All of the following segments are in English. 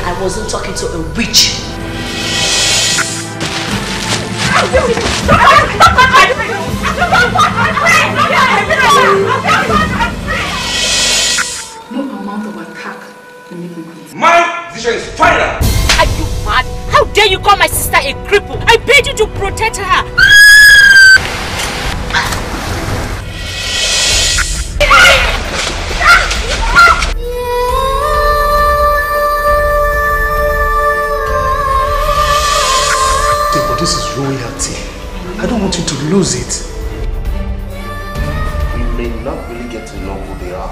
I wasn't talking to a witch. No amount of attack can make me quit. My vision is final! Are you mad? How dare you call my sister a cripple? I paid you to protect her! lose it. We may not really get to know who they are.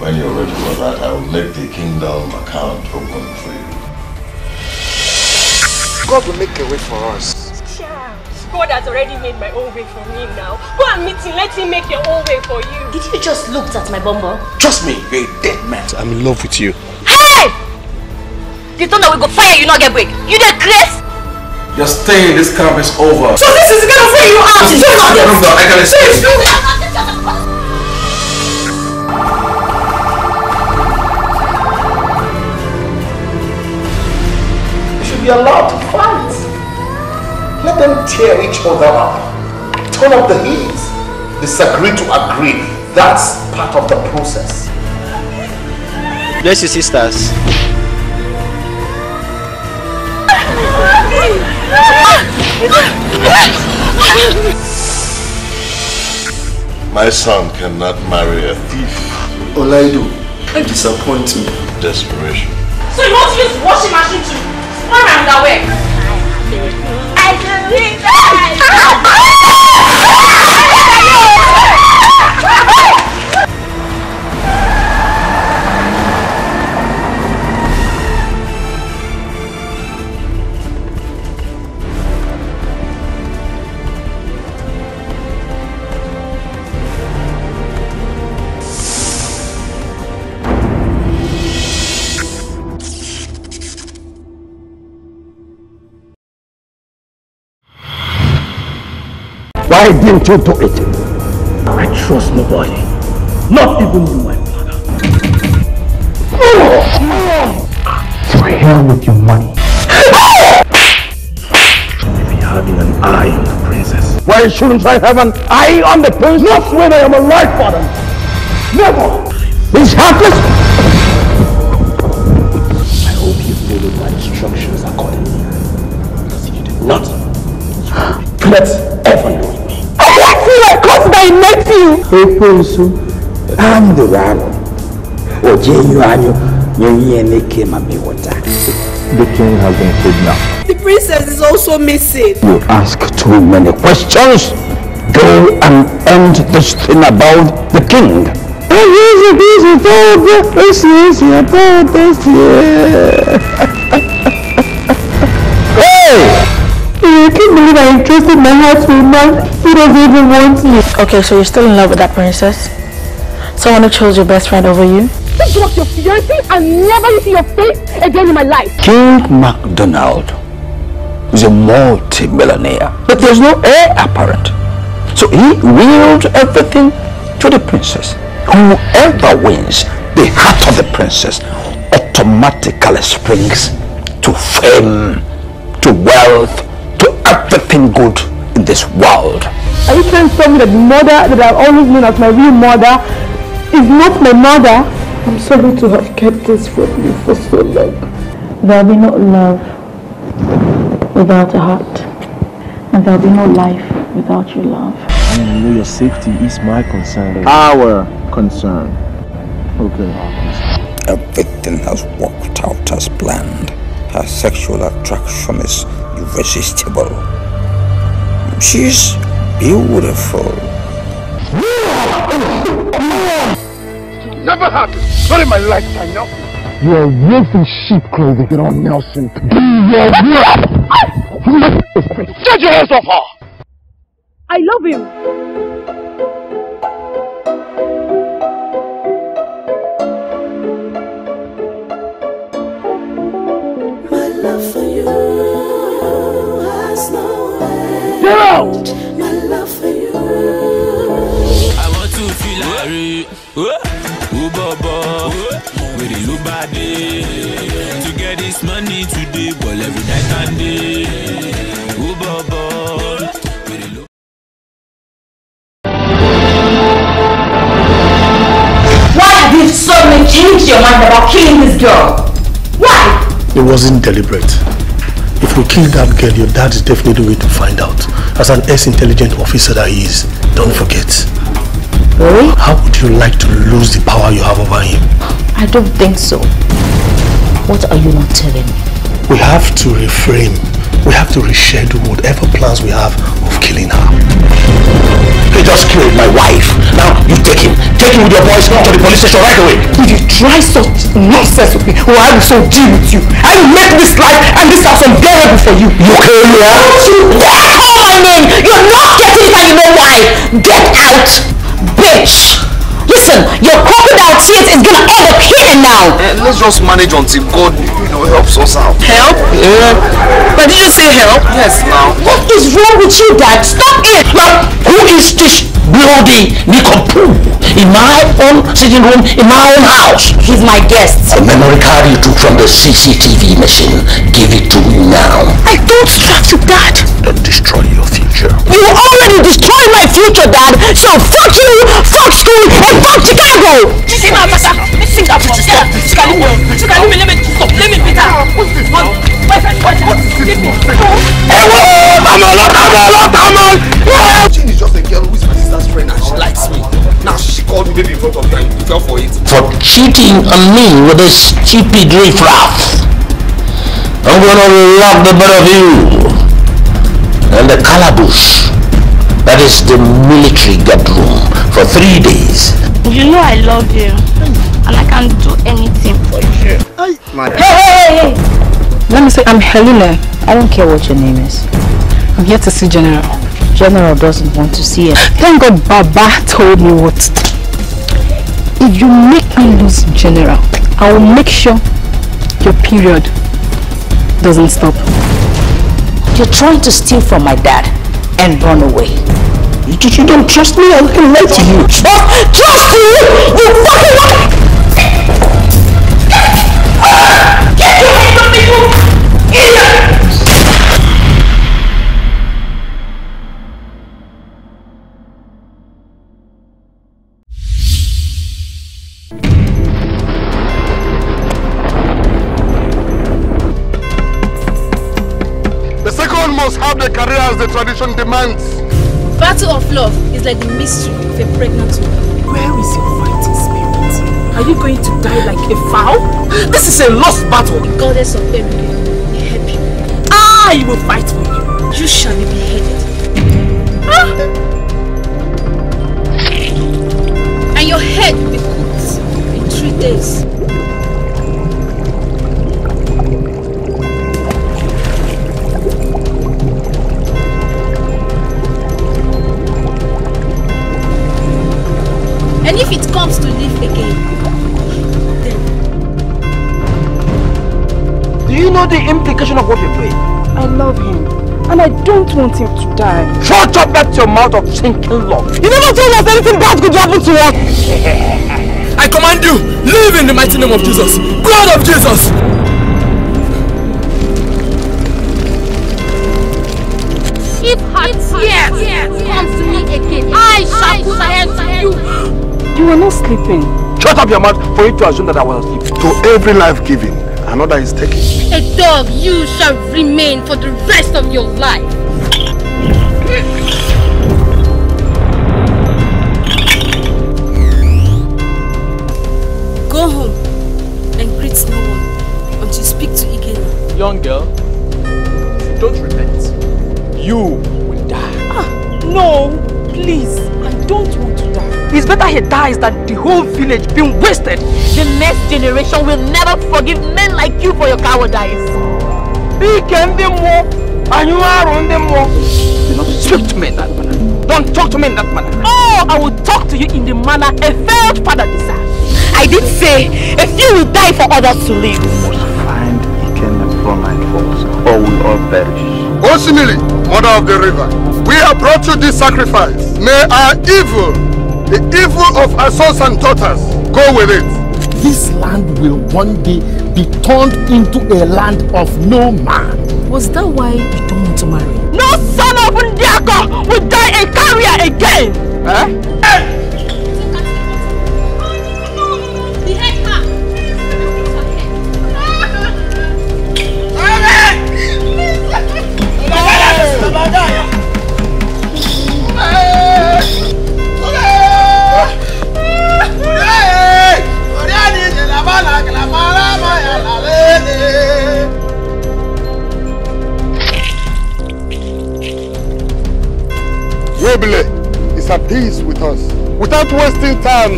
When you're ready for that, I will make the kingdom account open for you. God will make a way for us. God has already made my own way for me now. Go and meet him. Let him make your own way for you. Did you just look at my bumble? Trust me, you're a dead man. I'm in love with you. Hey! The that we go fire you not get break. You the grace? You're staying. This camp is over. So this is gonna free you out. you I'm not. I can escape. You should be allowed to fight. Let them tear each other up. Turn up the heat. Disagree to agree. That's part of the process. Bless you, sisters. My son cannot marry a thief. Olaido, you disappoint me. Desperation. So you want to use washing machine to spoil my underwear? I can read that! I didn't do it? I trust nobody. Not even you, my father. To hell with your money. If you're having an eye on the princess. Why shouldn't I have an eye on the princess? Not when I am alive, father. Never. This heartless. I hope you followed my instructions accordingly. Because if you not, you will regret ever knowing. Ekwensu, I'm the rabble. The king has been kidnapped. The princess is also missing. You ask too many questions. Go and end this thing about the king. Oh, yes, it is can't believe I entrusted my heart to a man who doesn't even want me. Okay, so you're still in love with that princess? Someone who chose your best friend over you? Think about your fiancé and never you see your face again in my life. King MacDonald is a multi-millionaire, but there's no heir apparent. So he willed everything to the princess. Whoever wins the heart of the princess automatically springs to fame, to wealth, everything good in this world. Are you trying to tell me that the mother that I've always known as my real mother is not my mother? I'm sorry to have kept this from you for so long. There'll be no love without a heart. And there'll be no life without your love. I you know your safety is my concern. Our concern. Okay. Everything has worked out as planned. Her sexual attraction is irresistible. She's beautiful. Never happened. Not in my lifetime, no. You're a wolf in sheep clothing, you know, Nelson. Be your wolf. Get your hands off her! I love him. love for you. Get out! My you. so many your mind about killing this girl? Why? It wasn't deliberate. If you kill that girl, your dad is definitely going to find out. As an s intelligent officer that he is, don't forget. Really? How would you like to lose the power you have over him? I don't think so. What are you not telling me? We have to reframe. We have to reschedule whatever plans we have of killing her. You just killed my wife. Now you take him. Take him with your boys to the police station right away. If you try such nonsense with me, well, I will so deal with you. I will make this life and this house unbearable for you. You came here? Don't you dare call my name! You're not getting that, you know why? Get out, bitch! listen, your crocodile tears is gonna end up here now. Uh, let's just manage until God, you know, helps us out. Help? Yeah. But did you say help? Yes, now. What is wrong with you, Dad? Stop it! Well, who is this building Nikopoo in my own sitting room, in my own house. He's my guest. A memory card you took from the CCTV machine. Give it to me now. I don't trust you, Dad. Don't destroy your future. You already destroyed my future, Dad. So fuck you, fuck school, and fuck Chicago. Hello, I'm a lot, I'm a lot, I'm a lot. Jane is just a girl who's sister's friend and she likes me. Now she called me baby in front of You fell for it. For cheating on me with a stupid riffraff. I'm gonna love the both of you. And the calabush. That is the military bedroom for three days. You know I love you. And I can do anything for you. Hey, hey, hey! Let me say, I'm Helena. I don't care what your name is. I'm here to see General. General doesn't want to see it. Thank God Baba told me what. If you make me lose General, I will make sure your period doesn't stop. You're trying to steal from my dad and run away. You, you don't trust me? I'm going to you. Trust, trust you? You fucking Get your hands off me, you idiot! Battle of love is like the mystery of a pregnant woman. Where is your fighting spirit? Are you going to die like a fowl? This is a lost battle. The goddess of Erike will help you. I ah, will fight for you. You shall be beheaded. Ah! And your head will be cooked in three days. And if it comes to live again, then... Do you know the implication of what you're doing? I love him. And I don't want him to die. Shut up that your mouth of sinking love. You never told us anything bad could happen to us. I command you, live in the mighty name of Jesus. God of Jesus. You were not sleeping. Shut up your mouth for you to assume that I was asleep. To every life given, another is taken. A dog, you shall remain for the rest of your life. realize that the whole village been wasted. The next generation will never forgive men like you for your cowardice. can more, and you Do not speak to me in that manner. Don't talk to me in that manner. Oh, I will talk to you in the manner a failed father deserves. I did say, a few will die for others to live. We must find Iken and Bromine Falls, or we all perish. Osimili, mother of the river, we have brought you this sacrifice. May our evil The evil of our sons and daughters. Go with it. This land will one day be turned into a land of no man. Was that why you don't want to marry? No son of Ndiako will die a carrier again! Eh? Webele is at peace with us. Without wasting time,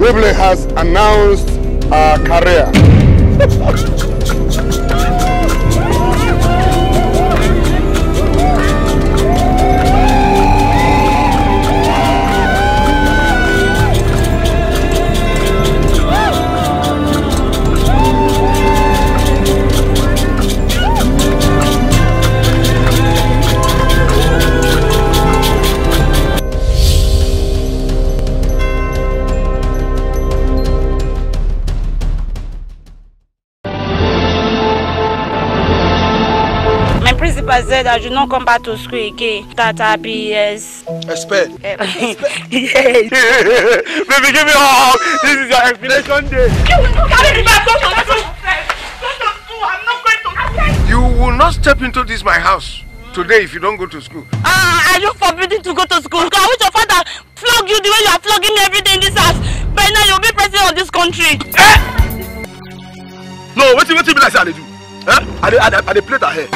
Webele has announced our career. said I should not come back to school again. That I'll be yes. Expect. yes. Baby, give me a hug. This is your explanation day. You will not carry me back. Don't I'm not going to. You will not step into this my house today if you don't go to school. Ah, uh, are you forbidden to go to school? I wish your father flog you the way you are flogging every day in this house. By now you'll be president of this country. Eh? No, wait till wait till be like I dey do. Eh? I dey I dey plait her hair.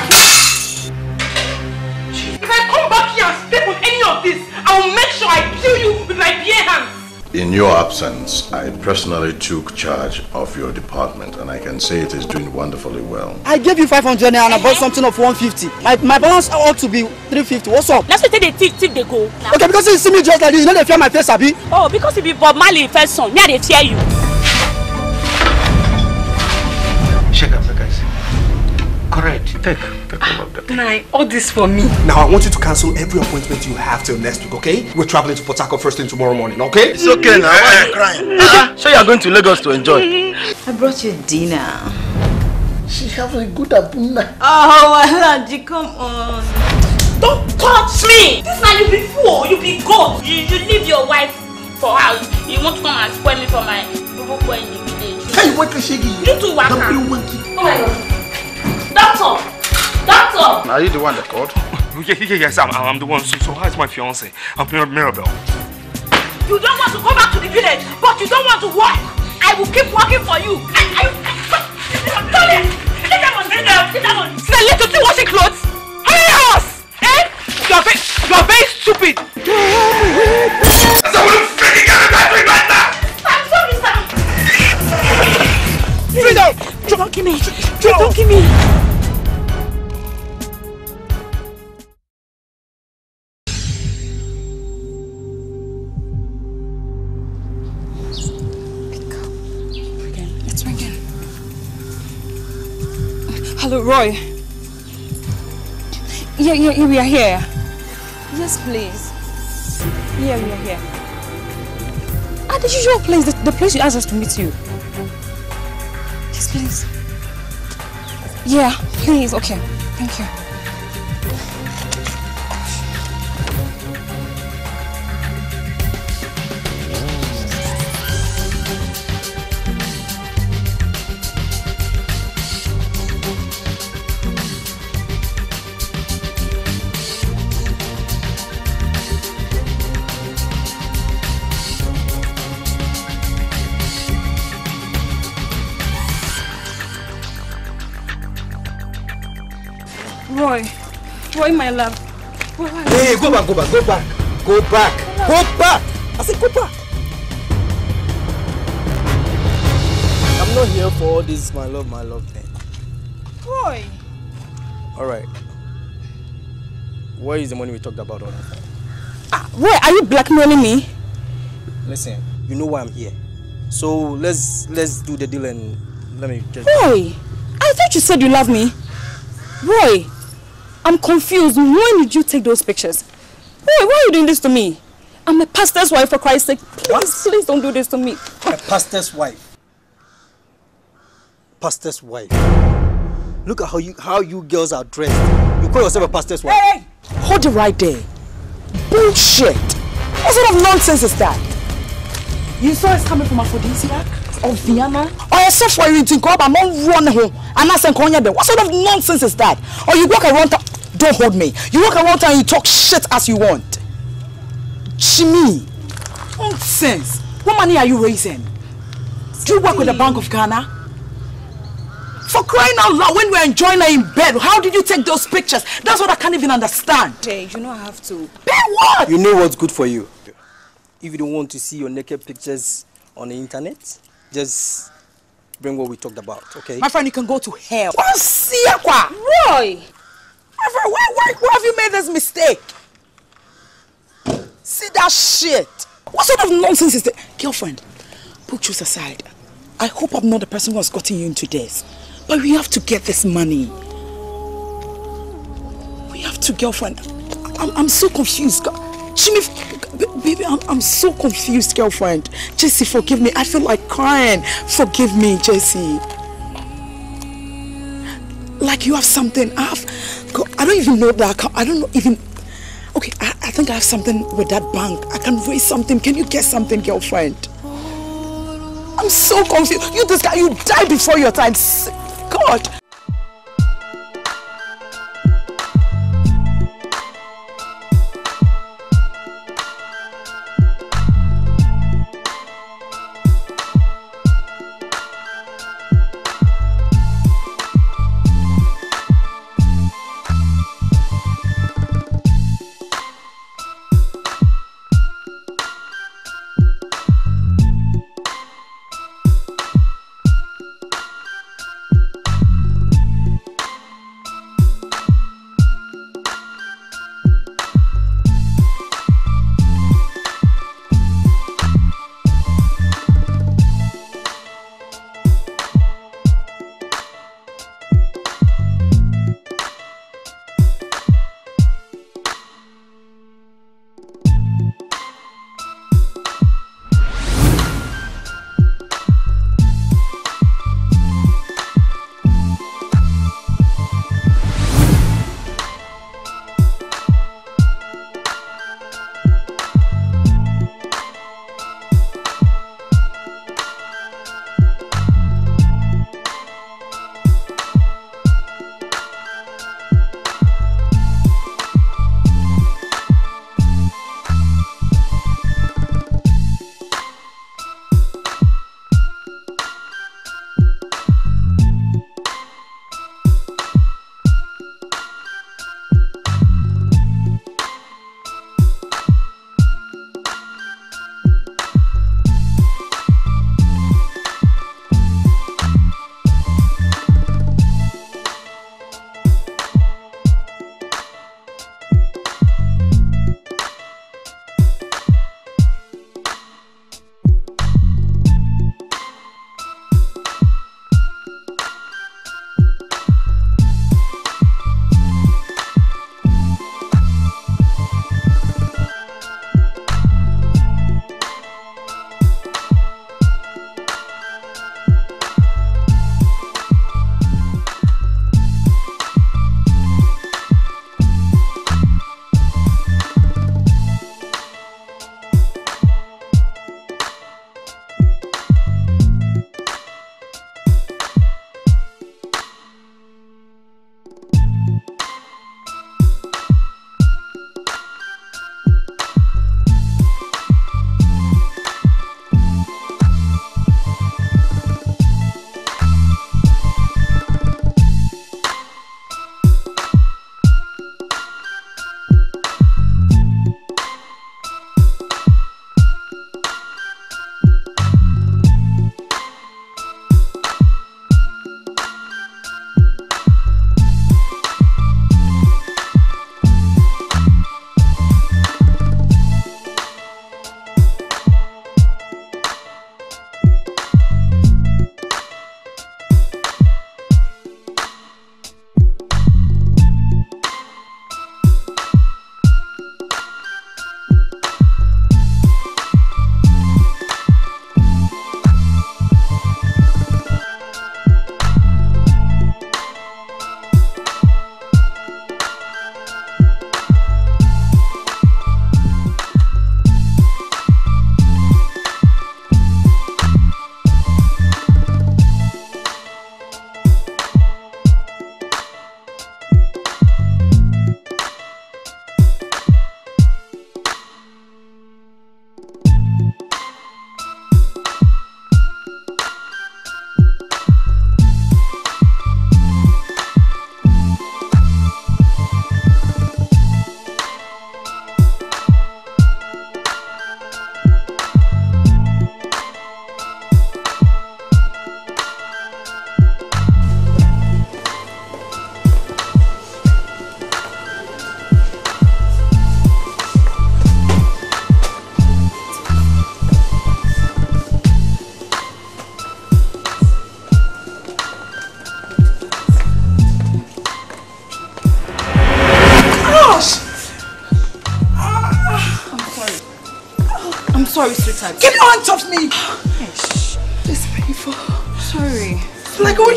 If I come back here and step on any of this, I will make sure I kill you with my bare hands. In your absence, I personally took charge of your department and I can say it is doing wonderfully well. I gave you 500 and I bought something of 150. My, my balance ought to be 350. What's up? Let's say they tip, tip, they go. Okay, because you see me just like this, you know they fear my face, Abi? Oh, because you be Bob Marley first son, yeah, they fear you. Correct. Take, take all of that. Nine, all this for me. Now, I want you to cancel every appointment you have till next week, okay? We're traveling to Port Harcourt first thing tomorrow morning, okay? It's okay now. Why are you eh. crying? Uh, so you're going to Lagos to enjoy? I brought you dinner. She has a good abuna. Oh, you come on. Don't touch me! This man, you be fool, you be god. You, you leave your wife for house. You want to come and spoil me for my boo boy in the village. Hey, what is she? You too, Waka. Oh my god. Doctor! Doctor! Are you the one that called? Yeah, yeah, yes, I'm, I'm the one. So, so is my fiance? I'm Mirabel. You don't want to go back to the village, but you don't want to work. I will keep working for you. I, I, I, Sit down, sit down, sit down. Sit down, let you see washing clothes. Hurry us! Eh? You're very, you're very stupid. I'm sorry, sir. Sit down. Don't kill me! Don't kill me! Uh, Roy. Yeah, yeah, yeah, we are here. Yes, please. Yeah, we are here. At the usual place, the, the place you asked us to meet you. Yes, please. Yeah, please. Okay. Thank you. my love. Hey, go back, go back, go back. Go back. Go back. I said go back. I'm not here for all this my love, my love then. Boy. Alright. Where is the money we talked about all that time? Ah, why are you blackmailing me? Listen, you know why I'm here. So let's let's do the deal and let me just Boy! I thought you said you love me. Boy! I'm confused. When did you take those pictures? Why, why are you doing this to me? I'm a pastor's wife, for Christ's sake. Please, what? please don't do this to me. A pastor's wife? Pastor's wife? Look at how you, how you girls are dressed. You call yourself a pastor's wife? Hey! Hold it right there. Bullshit! What sort of nonsense is that? You saw us coming from Aphrodisiac of Vienna? Oh, oh you saw for you to go up and run home and ask and call What sort of nonsense is that? Or oh, you walk around town, don't hold me. You walk around town and you talk shit as you want. Jimmy, nonsense. What money are you raising? Do you work with the Bank of Ghana? For crying out loud, when were enjoying her in bed, how did you take those pictures? That's what I can't even understand. Hey, you know I have to. Pay what? You know what's good for you. If you don't want to see your naked pictures on the internet, just bring what we talked about, okay? My friend, you can go to hell. Roy! My friend, why, why, why have you made this mistake? See that shit? What sort of nonsense is that? Girlfriend, put truth aside. I hope I'm not the person who has gotten you into this. But we have to get this money. We have to, girlfriend. I'm, I'm so confused. Jimmy, baby, I'm, I'm so confused, girlfriend. Jesse, forgive me. I feel like crying. Forgive me, Jesse. Like you have something. I have, I don't even know that I don't know even. Okay, I, I think I have something with that bank. I can raise something. Can you get something, girlfriend? I'm so confused. You, this guy, you die before your time. God.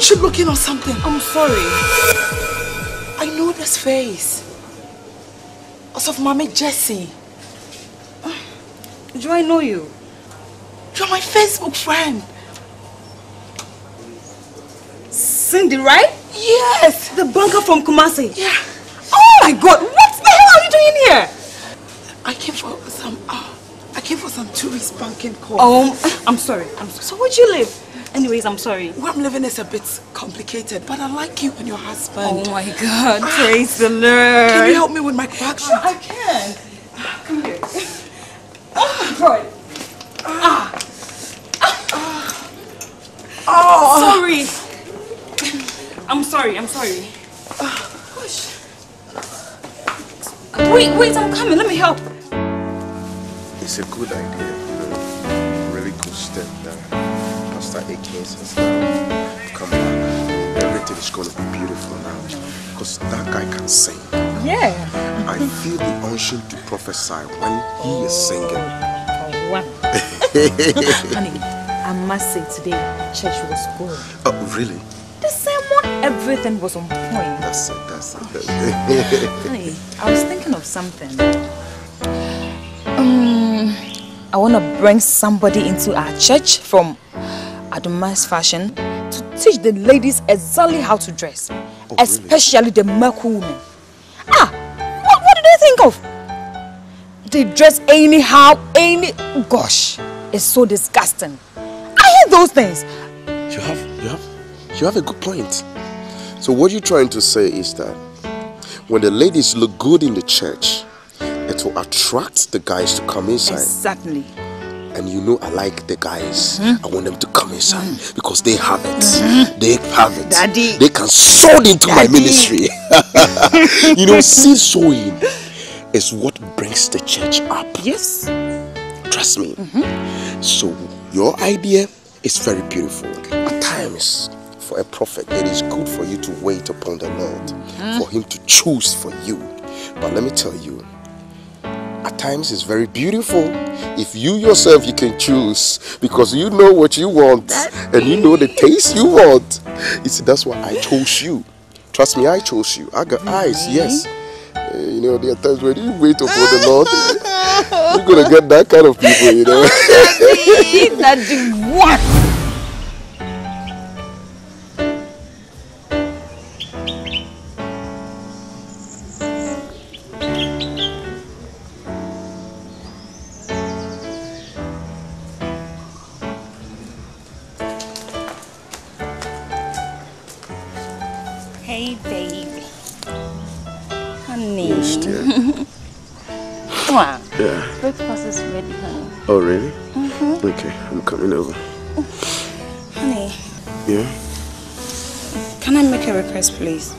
she looking on something? I'm sorry. I know this face. As of Mommy Jessie. Do I know you? You're my Facebook friend. Cindy, right? Yes. The banker from Kumasi. Yeah. Oh my God, what the hell are you doing here? I came for some, uh, I came for some tourist banking call. Oh, um, I'm sorry, I'm sorry. So where'd you live? Anyways, I'm sorry. Where I'm living is a bit complicated, but I like you and your husband. Oh my God, ah. praise the Lord. Can you help me with my correction? Uh, I can. Come here. Oh, right. Ah. ah. Oh. Sorry. I'm sorry, I'm sorry. Push. Wait, wait, I'm coming. Let me help. It's a good idea. really good step after eight cases come on, everything is going to be beautiful now. Because that guy can sing. Yeah. I feel the unction to prophesy when he is oh, singing. Oh, wow. Honey, I must say today, church was good. Oh, really? The sermon, everything was on point. that's it. That's it. Honey, I was thinking of something. Um, I want to bring somebody into our church from the mass fashion to teach the ladies exactly how to dress, oh, especially really? the Merkel women. Ah, what, what do they think of? They dress anyhow, any... Gosh, it's so disgusting. I hate those things. You have, you have, you have a good point. So what you're trying to say is that when the ladies look good in the church, it will attract the guys to come inside. Exactly and you know I like the guys. Mm. I want them to come inside mm. because they have it. Mm. They have it. Daddy. They can sow into Daddy. my ministry. you know, see sowing is what brings the church up. Yes. Trust me. -hmm. So your idea is very beautiful. At times, for a prophet, it is good for you to wait upon the Lord, hmm? for him to choose for you. But let me tell you, at times it's very beautiful if you yourself you can choose because you know what you want and you know the taste you want you see that's why i chose you trust me i chose you i got eyes yes uh, you know there are times when you wait for the lord you're gonna get that kind of people you know what I'm coming over. Oh, honey. Yeah? Can I make a request, please?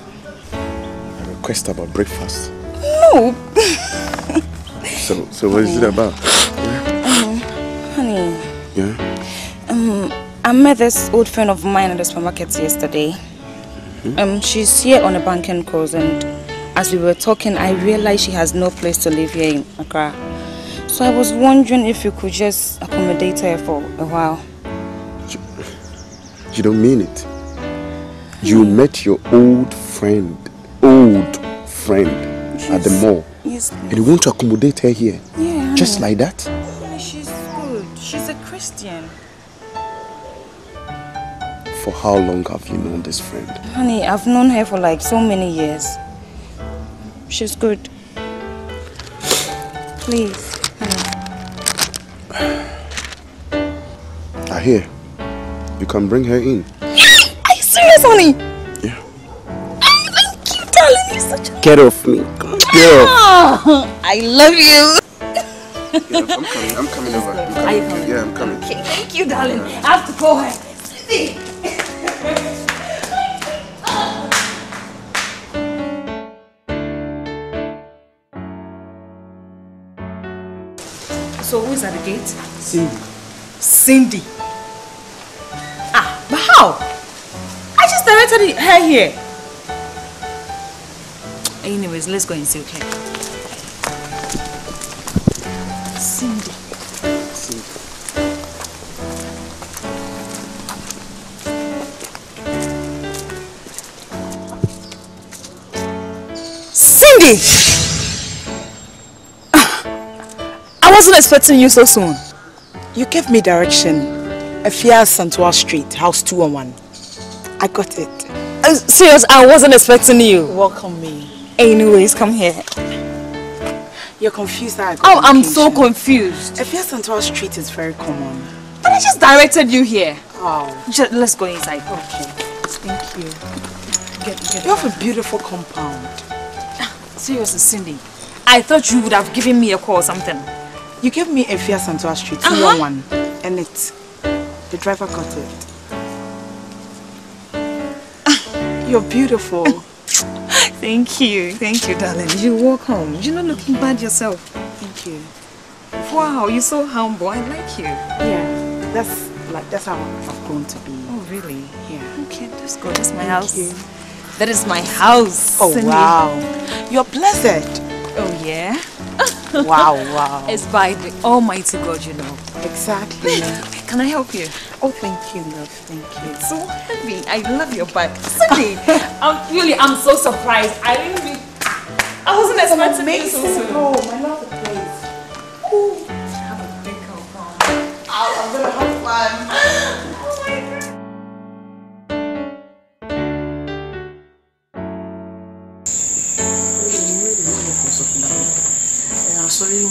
A request about breakfast? No. so, so what honey. is it about? Yeah? Uh-huh. Um, honey. Yeah? Um, I met this old friend of mine at the supermarket yesterday. Mm -hmm. Um, she's here on a banking course and as we were talking, I realized she has no place to live here in Accra. So I was wondering if you could just accommodate her for a while. You, you don't mean it. You met your old friend, old friend, at the mall. Yes, And you want to accommodate her here? Yeah. Just like that? Yeah, she's good. She's a Christian. For how long have you known this friend? Honey, I've known her for like so many years. She's good. Please. are here. You can bring her in. Are you serious, honey? Yeah. Oh, thank you, darling. You're such a... Get off me. Get off. Oh, I love you. yeah, I'm coming. I'm coming over. I'm coming. Yeah, I'm coming. Okay, thank you, darling. I have to call her. So who is at the gate? Cindy. Cindy. How? I just directed her here. Anyways, let's go and see, okay? Cindy. Cindy. Cindy! Ah, I wasn't expecting you so soon. You gave me direction. Afia Santua Street, house 201. I got it. Uh, serious, I wasn't expecting you. Welcome me. Anyways, come here. You're confused that Oh, I'm so confused. Afia Santua Street is very common. But I just directed you here. Oh. Just, let's go inside. Okay. Thank you. Get, get you have a beautiful compound. Ah, Seriously, Cindy, I thought you would have given me a call or something. You gave me Afia Santua Street, uh-huh. 201, uh -huh. and it's the driver got it. Ah, you're beautiful. Thank you. Thank you, darling. You're welcome. You're not looking bad yourself. Thank you. Wow, you're so humble. I like you. Yeah, that's like that's how I've grown to be. Oh, really? Yeah. Okay, that's go. That's my Thank house. You. That is my house. Oh, Cindy. wow. You're blessed. Oh, yeah? wow, wow. It's by the Almighty God, you know. Exactly. Can I help you? Oh, thank you, love. Thank you. so heavy. I love your bag. I'm really, I'm so surprised. I didn't really, I wasn't expecting this so soon. Home. love please. Have a oh, I'm gonna have fun.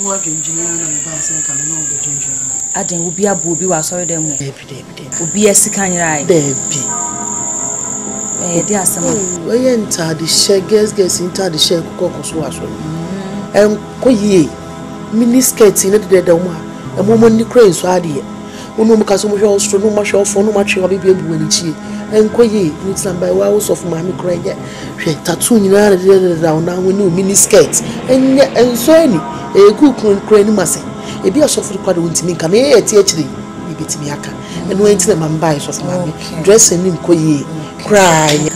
wo adwendwene ana mebaa sɛ nka mene wobɛdwendwene ho adɛn obi abɔ obi wɔ asɔre dɛ mu obi asika nyerae daabi ɛyɛde eh, asɛm ɛyɛ oh, ntadehyɛ gesges ntadehyɛ kokɔ kɔ so asɔre eh, ɛnkɔ yie mini skirt ne dedɛda mu a ɛmomɔ eh, nni kora nsu adeɛ wone mu ka so mohwɛ wo soro no mahwɛ wo fo no matwe wabɛbiabu w'anikyie ɛnkɔ yie ne tena baa ɛwɔ awo sɔfo maame kora ɛnyɛ hwɛ tattoo nyinaa da wɔn ahoɔ ne omini skirt ɛnyɛ ɛnso ani ɛgu kura anim ase ebi asɔfo kora de wɔntumi nka mɛ ɛyɛ ɛte akyire bi betumi aka ɛno ɛnti na maame baa sɔfo maame dressing ne nkɔ yie koraa ɛnyɛ.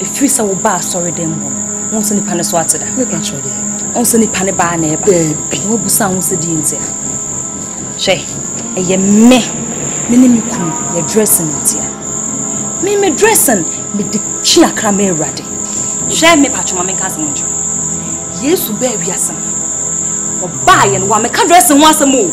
efiri sɛ wo baa asɔre dɛm bɔ wɔn nso nipa ne so ate da wɔn nso nipa ne baa na ɛba wɔn busa wɔn nso di nti hwɛ ɛyɛ mɛ me ne me kunu yɛ dressing ntia me me dressing me de twi akra me awurade hwɛ me patwoma me nka asɛm nkyerɛ yesu bɛɛ wiase ɔbaayɛ no wameka dressing ho asɛm o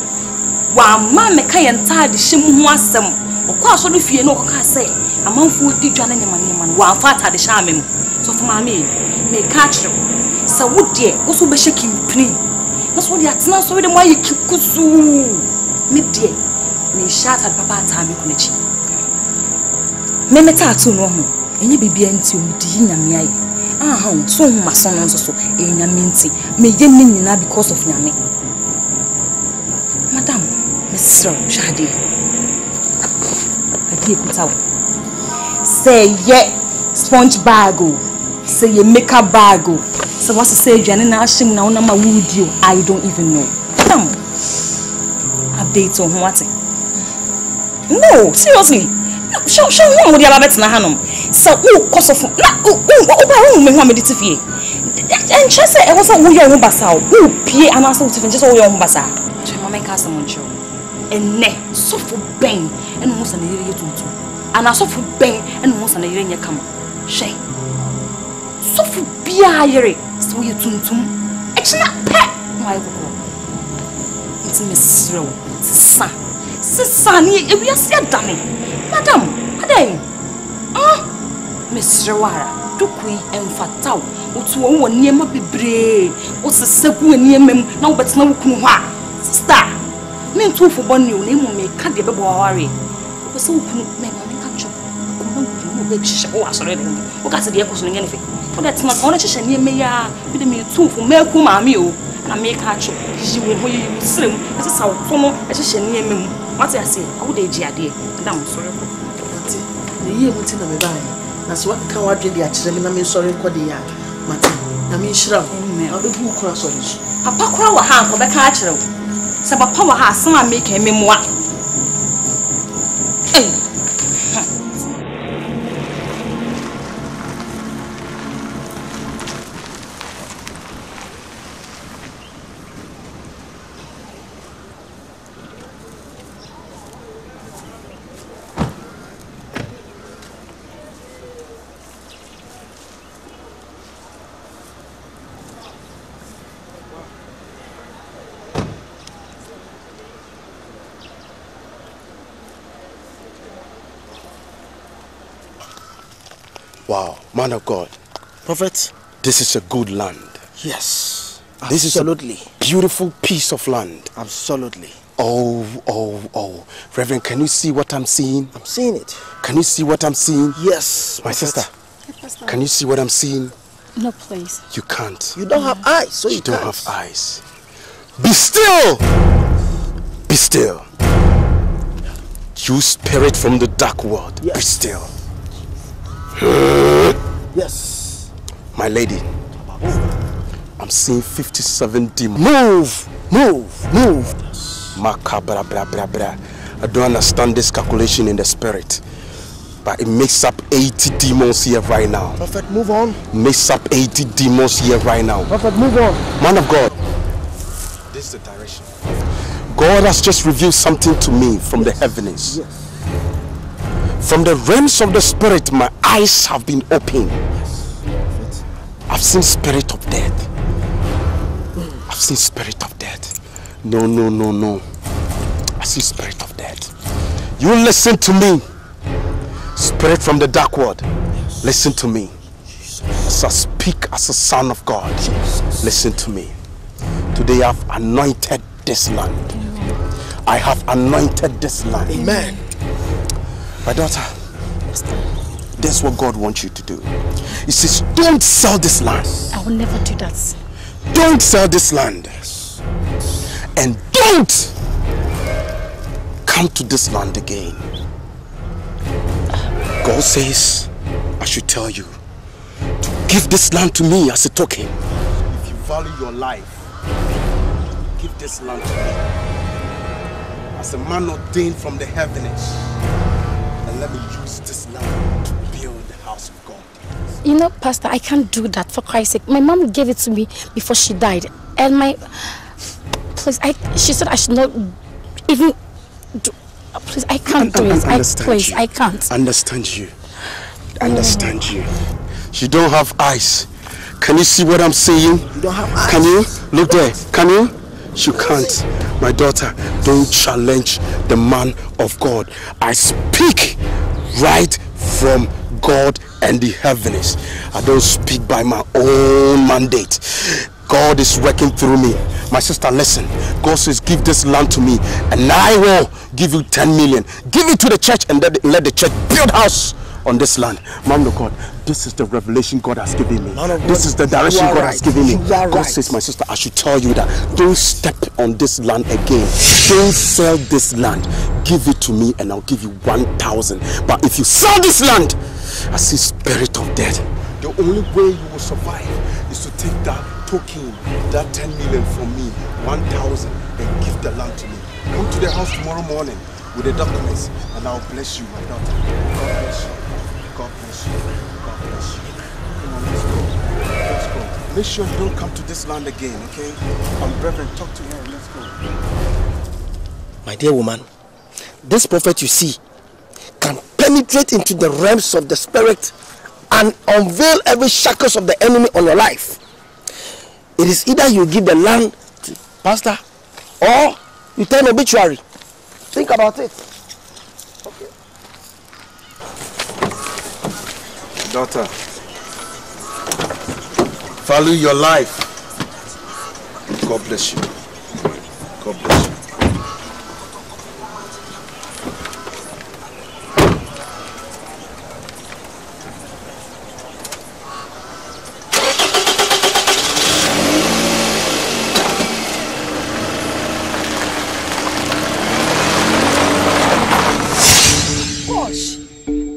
wama meka yɛ ntaade hyɛ mu ho asɛm ɔkɔ asɔre fie no ɔkɔka sɛ amanfoɔ di dwa ne nneɛma nneɛma no wamfa ataade hyɛ ame mu sɔfo maame yi meka akyerɛ wo sɛ wo wo so wobɛhyɛ kimpini na so wode atena sɔre de mo ayɛ kikusuu me deɛ menhyɛ papa ataa me memeta ato no ho ɛnyɛ nti ɔmde yi nyame aha nto nhoma so no so ɛyɛ nyame nti meyɛ ne because of nyame madam Mr. Shadi, hwɛ adeɛ adeɛ kuta wo sɛ yɛ sponge bag o sɛ yɛ makeup bag o sɛ wɔasɛ sɛ aduane no ahyɛ mu na wonam a woredi i don't even know madam update on what? no seriously Show, show me sɛ wohu wode aba bɛtena ha nom sɛ oh, sɔ fo na wobaa wohu mahu a mede te fie ɛnkyerɛ sɛ ɛwɔ sɛ woyɛ wo ho basa o wopie anaasɛ wote fie nkyɛ sɛ woyɛ wo ho basa kyerɛma mɛnka asɛm nkyerɛ wo ɛnnɛ sɔfo bɛn ɛne ho sa ne yere yɛ tuntum anaa sɔfo bɛn ɛne ho sa ne yere nyɛ kama hwɛ sɔfo biaa yere sɛ woyɛ tuntum ɛkyena pɛ na wayɛ kɔkɔɔ nti it's a sesa sisa ne ewiase adane madam adɛn mesrɛ wo ara doko yi ɛmfata wo woto wɔ wɔ nneɛma bebree wosesa gu nneɛma mu na wobɛtena wo kunu hɔ a sista mento wo fobɔ ne o na mmom meka deɛ bɛbɔ o wopɛ sɛ wo kunu mɛma meka twɛ kɔma woduru wobɛhyehyɛ wowɔ asɔre de mu woka sɛ deɛ ɛkɔ so no nyɛ ne fɛ wode tena sɛ wone hyehyɛ nneɛma yi a mede meto fo maaku maame o na meka atwe yiyi wo ho yiyi wo serɛ mu ɛsesa wo fo no ɛhyehyɛ nneɛma mu wate ase a wode agye adeɛ na wosɔre kɔ nti meyie mu nti na meba ɛ na sɛ woakeka woadwe de akyerɛ me na mensɔre nkɔ de yɛ a mate na menhyira wo wobɛgu wo kora sɔre so papa kora wɔ ha nkɔbɛka akyerɛ wo sɛ papa wɔ ha asɛm a meka me mmoa Wow, man of God. Prophet? This is a good land. Yes, absolutely. This is a beautiful piece of land. Absolutely. Oh, oh, oh. Reverend, can you see what I'm seeing? I'm seeing it. Can you see what I'm seeing? Yes. My sister, can you see what I'm seeing? No, please. You can't. You don't have eyes, so you, you don't can't. have eyes. Be still! Be still. You spirit from the dark world, yes. be still. yes. My lady, I'm seeing 57 demons. Move! Move! Move! Yes. Macabre, bra, bra, bra. I don't understand this calculation in the spirit. But it makes up 80 demons here right now. Prophet, move on. Makes up 80 demons here right now. Prophet, move on. Man of God. This is the direction. God has just revealed something to me from yes. the heavens. Yes. From the realms of the spirit, my eyes have been opened. I've seen spirit of death. I've seen spirit of death. No, no, no, no. I see spirit of death. You listen to me. Spirit from the dark world. Listen to me. As I speak as a son of God, listen to me. Today I've anointed this land. I have anointed this land. Amen. My daughter, that's what God wants you to do. He says, don't sell this land. I will never do that. Don't sell this land. And don't come to this land again. God says, I should tell you to give this land to me as a token. If you value your life, give this land to me. As a man ordained from the heavens and let me use this to build the house of God. You know, Pastor, I can't do that for Christ's sake. My mom gave it to me before she died. And my... Please, I, she said I should not even do... Please, I can't I, do I, it. I, please, you. I can't. Understand you. Mm. Understand you. You don't have eyes. Can you see what I'm saying? You don't have eyes. Can you? Look there. Can you? You can't. My daughter, don't challenge the man of God. I speak right from God and the heavens. I don't speak by my own mandate. God is working through me. My sister, listen. God says, give this land to me and I will give you 10 million. Give it to the church and let the, let the church build house on this land. Man of God, this is the revelation God has given me. This is the direction God has given me. God says, my sister, I should tell you that don't step on this land again. Don't sell this land. Give it to me and I'll give you 1,000. But if you sell this land, I see spirit of death. The only way you will survive is to take that token, that 10 million from me, 1,000, and give the land to me. Come to the house tomorrow morning with the documents, and I'll bless you, my daughter. God bless you. God bless you. God bless you. Come on, let's go. Let's go. Make sure you don't come to this land again, okay? Come, um, brethren, talk to her. Let's go. My dear woman, this prophet you see can penetrate into the realms of the spirit and unveil every shackles of the enemy on your life. It is either you give the land to pastor or you turn obituary. Think about it. Okay. Daughter, value your life. God bless you. God bless you.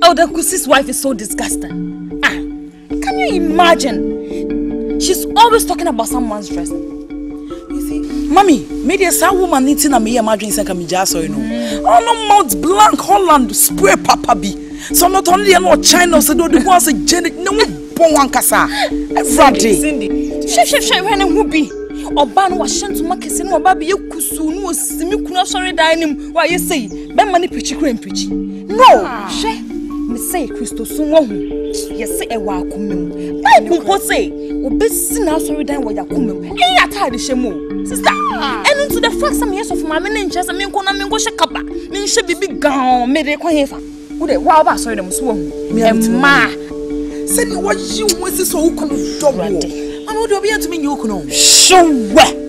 Oh, Elder Kusi's wife is so disgusting. Ah, can you imagine? She's always talking about someone's dress. You see, mommy, maybe a woman eating a imagine margarine like a mijaso, you know. Mm. Oh no, Mount Blanc, Holland, spray papa b. So not only are not China, so do the ones a genetic no one kasa. Every day. Cindy, chef, chef, chef, when who be? ɔbaa no wahyɛ ntoma kɛse a ɔbaa bɛyɛ kusuu no wɔ simi kunu asɔre dan no mu wɔayɛ sɛ yi bɛma ne pirikyi kura no hwɛ mesɛ yɛ kristoso wɔ ho yɛsɛ ɛwɔ akoma mu bible mpo sɛ wobɛsi n'asɔredan wɔ yɛakoma mu ɛyɛ ataade hyɛ mu o sista ɛno nti the fact sɛ meyɛ sɔfo maame ne nkyerɛ sɛ menkɔ na menkɔhyɛ kaba menhyɛ biribi gaa mede kɔ he fa wode woa woba asɔredan so wɔ ho ɛmaa sɛdeɛ wɔye wo mu asi sɛ wo kɔ no dɔboɔ ama wode ɔbɛyɛ ntumi nyɛ wo kunu hyew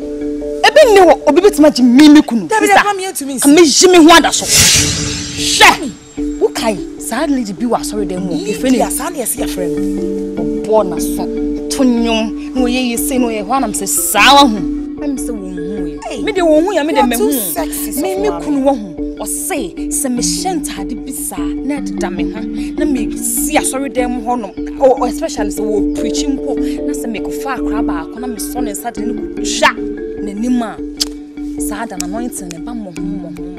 ebi nne wɔ obi bi tuma gye mímí kunu sisa kàmi yi mi hu ada so wukai saa lady bi wɔ asɔre dɛm wɔ efe ne saa ne yɛsi yɛfrɛ no ɔbɔ na to nnwom na oyɛ yɛ se na oyɛ hɔ anam sɛ saa wɔ ho ɛmi sɛ wɔn hu yɛ mi de wɔn hu yɛ mi de mɛ hu mímí kunu wɔ ho ɔse sɛ mehyɛ ntaade bi saa na ɛdeda me ho na mesi asɔredan mu hɔnom oh, especially sɛ wɔ pirikyi mpo na sɛ mekɔfa akora baako na mesɔ ne nsa de ne kɔtwa n'anim a saa da nanointin ne ba mmɔho mmɔho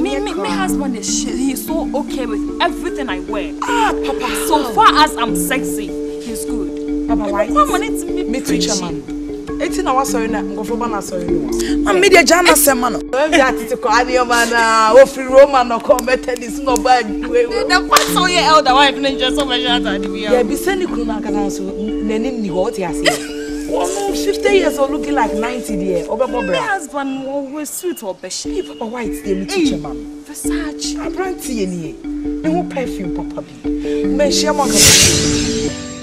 Me, me, my husband is shit. He's so okay with everything I wear. Ah, Papa. So far as I'm sexy, he's good. Papa, why? Come on, it's me. Me man eti na wasɔre na nkɔfo ba na asɔre no ma mi de gya na sɛm ma no. ɛbi atete kɔ adiɛma na ofiri roma na ɔkɔ mɛtɛ ne si na ɔba adiwe. ɛdɛ pasɔn yɛ elder wife ne nkyɛn sɔ bɛhyɛ ataade bi ya. yɛbi sɛni kunu na nkata nso n'anim ni hɔ ɔte ase. wɔn fifty years old looking like ninety deɛ ɔbɛbɔ bra. my husband wɔ wɔ suit ɔbɛhyɛ. ee papa white deɛ mi ti kyɛ ma no. versace. aberante yɛ nie ne ho perfume papa bi mɛ n ṣe mɔ nkata.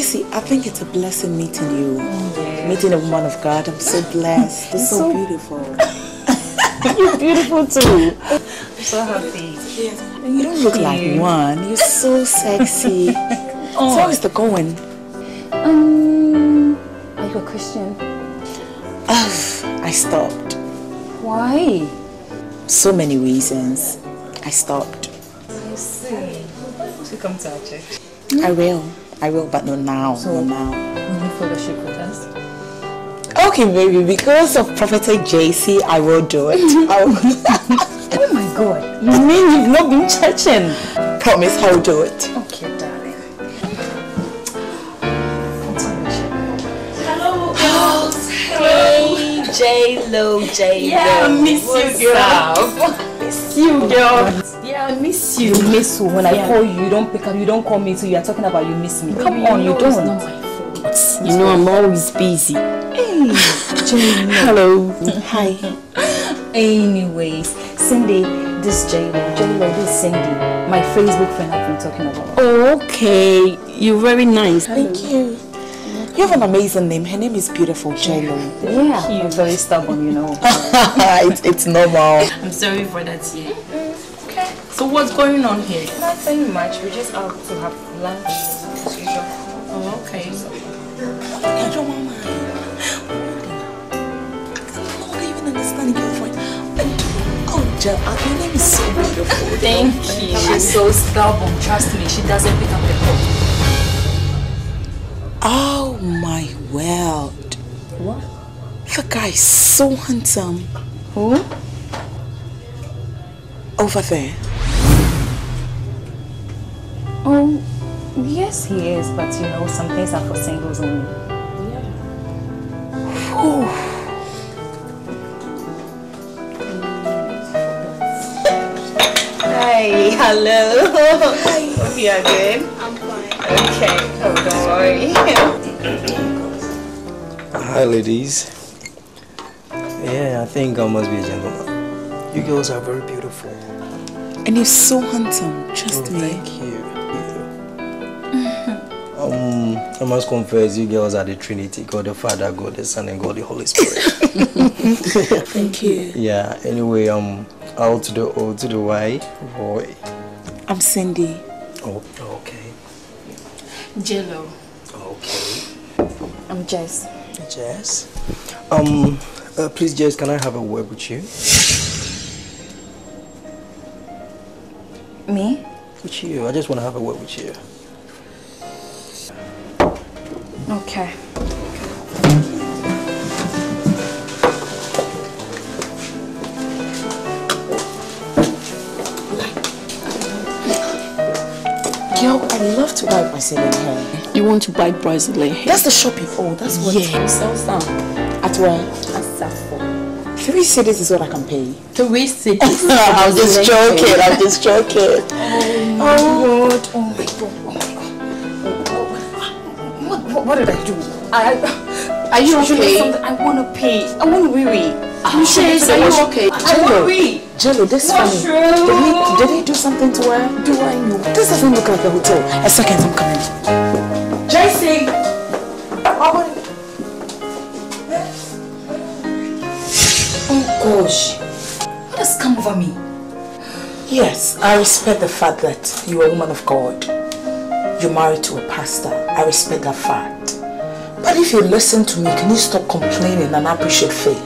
Tracy, I think it's a blessing meeting you. Yes. Meeting a woman of God. I'm so blessed. You're so, so, beautiful. You're beautiful too. I'm so happy. Yes. You don't look like one. You're so sexy. oh. So how is the going? Um, are you a Christian? Oh, I stopped. Why? So many reasons. I stopped. I see. To come to our church. I will. I will, but not now. So not now. Will you fellowship with us? Okay, baby. Because of Prophet JC, I will do it. will. oh my God! You mean you've not been churching? Promise, I'll do it. Okay, darling. Hello, J Lo, J Lo. Yeah, miss you, girl. miss you, girl. I miss you. You miss who? When yeah. I call you, you don't pick up, you don't call me, so you're talking about you miss me. Come on, you, don't. Know it's not my fault. You know I'm always busy. Hey, Hello. Hi. Anyways, Cindy, this Jane, Jane, this Cindy, my Facebook friend I've been talking about. Oh, okay, you're very nice. Hello. Thank you. You have an amazing name. Her name is beautiful, Jelo. Yeah, you're very stubborn, you know. it's, it's normal. I'm sorry for that, yeah. So what's going on here? Nothing much. we just out to have lunch as usual. Oh, okay. And your mama. I even understand girlfriend. Oh, Jill, your name is so beautiful. Thank you. She's so stubborn. Trust me, she doesn't pick up the phone. Oh my world. What? The guy is so handsome. Who? Over there. Oh, yes, he is, but you know, some things are for singles only. Yeah. Ooh. Hey, hello. Hi. Hope you are good. I'm fine. Okay, oh, don't worry. Hi, ladies. Yeah, I think I must be a gentleman. You girls are very beautiful. And he's so handsome, trust oh, me. Thank you. I must confess, you girls are the Trinity God the Father, God the Son, and God the Holy Spirit. Thank you. Yeah, anyway, um, out to the O to the Y. Roy. I'm Cindy. Oh, okay. Jello. Okay. I'm Jess. Jess? Um, uh, please, Jess, can I have a word with you? Me? With you. I just want to have a word with you. Okay. Girl, I love to buy Brazilian hair. You want to buy Brazilian hair? That's the shopping. Oh, that's what yeah. sell. Some. At where? At Safo. Three cities is what I can pay. Three cities? I'm just joking. I'm just joking. Oh, oh, God. Oh, my God. What, what did I do? I, are you okay? I want to pee. I want to wee wee. I'm sure are you okay? I want to wee. Jello, this funny. Did he, did he do something to her? Do I know? This doesn't look like a hotel. A second, I'm coming. JC! Oh, oh gosh. What has come over me? Yes, I respect the fact that you are a woman of God you're married to a pastor. I respect that fact. But if you listen to me, can you stop complaining and appreciate fate?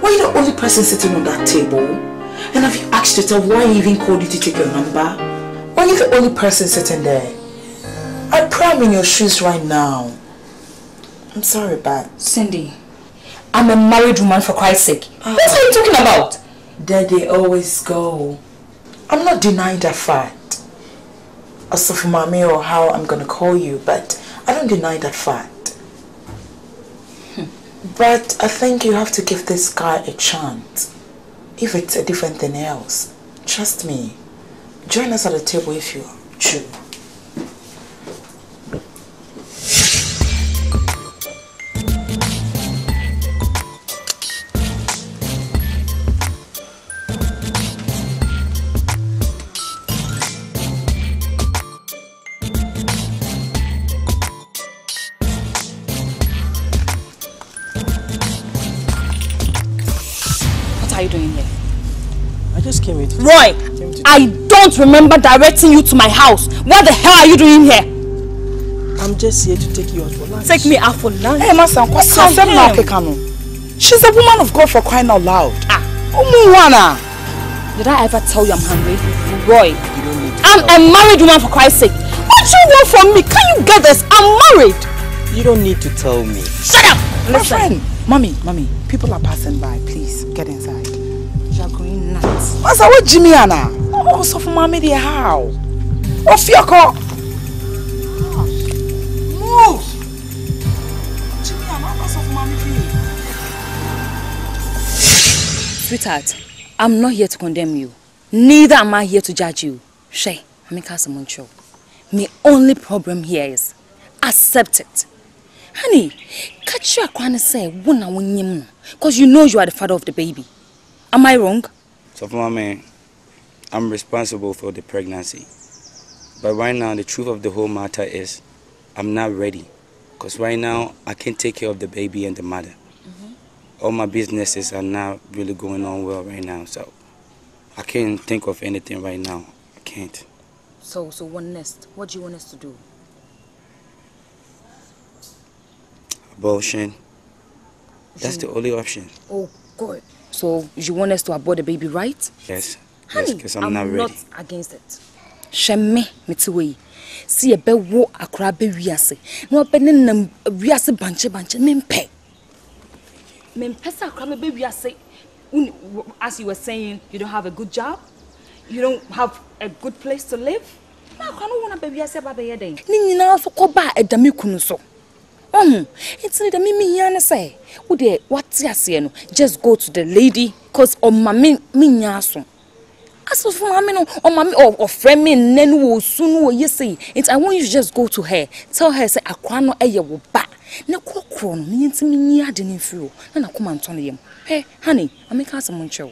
Why are you the only person sitting on that table? And have you asked yourself why he even called you to take your number? Why are you the only person sitting there? I pray I'm in your shoes right now. I'm sorry, but... Cindy, I'm a married woman for Christ's sake. Uh, what are you talking about? There they always go. I'm not denying that fact. A Asufumami or how I'm going to call you, but I don't deny that fact. Hmm. But I think you have to give this guy a chance. If it's a different than else, trust me. Join us at the table if you choose. I don't remember directing you to my house. What the hell are you doing here? I'm just here to take you out for lunch. Take me out for lunch? Hey, Master, what's your now, Kekano? She's a woman of God for crying out loud. Ah. Umuwana. Did I ever tell you I'm hungry? Roy, I'm a married woman for Christ's sake. What do you want from me? Can you get this? I'm married. You don't need to tell me. Shut up! Listen. My friend, mommy, mommy, people are passing by. Please, get inside. You're going nuts. What's that? What Jimmy Anna? sọ fún mami di ha o ó fi sweetheart i'm not here to condemn you neither am i here to judge you I'm in casa simoncho my only problem here is accept it. Honey, catch your crown and say, Because you know you are the father of the baby. Am I wrong? So, mommy, I'm responsible for the pregnancy. But right now, the truth of the whole matter is I'm not ready. Because right now, I can't take care of the baby and the mother. Mm -hmm. All my businesses are not really going on well right now. So I can't think of anything right now. I can't. So, so what next? What do you want us to do? Abortion. That's the only option. Oh, God. So you want us to abort the baby, right? Yes. Yes, because I'm, I'm not ready. not against it. way metiwe. Si ebe wo akra be wiase. Na obe ne nam wiase a banche mempɛ. Mempɛ sa akra me be wiase. As you were saying, you don't have a good job. You don't have a good place to live. Na akra no wona be wiase ba be ye den. Ni nyinaa so kɔ ba edame kunu so. ɔho mm-hmm. nti da mimi hia ne sɛ wodeɛ wate aseɛ no just go to the lady cause ɔma oh, menya so ask for mami no or oh, mami or, oh, or oh, friend me nenu wo sunu wo yese it i want you to just go to her tell her say akwa no eye eh, wo ba ne kokoro no nyi ntimi nyi ade ne firo na na koma nto ne hey honey ameka asem nchew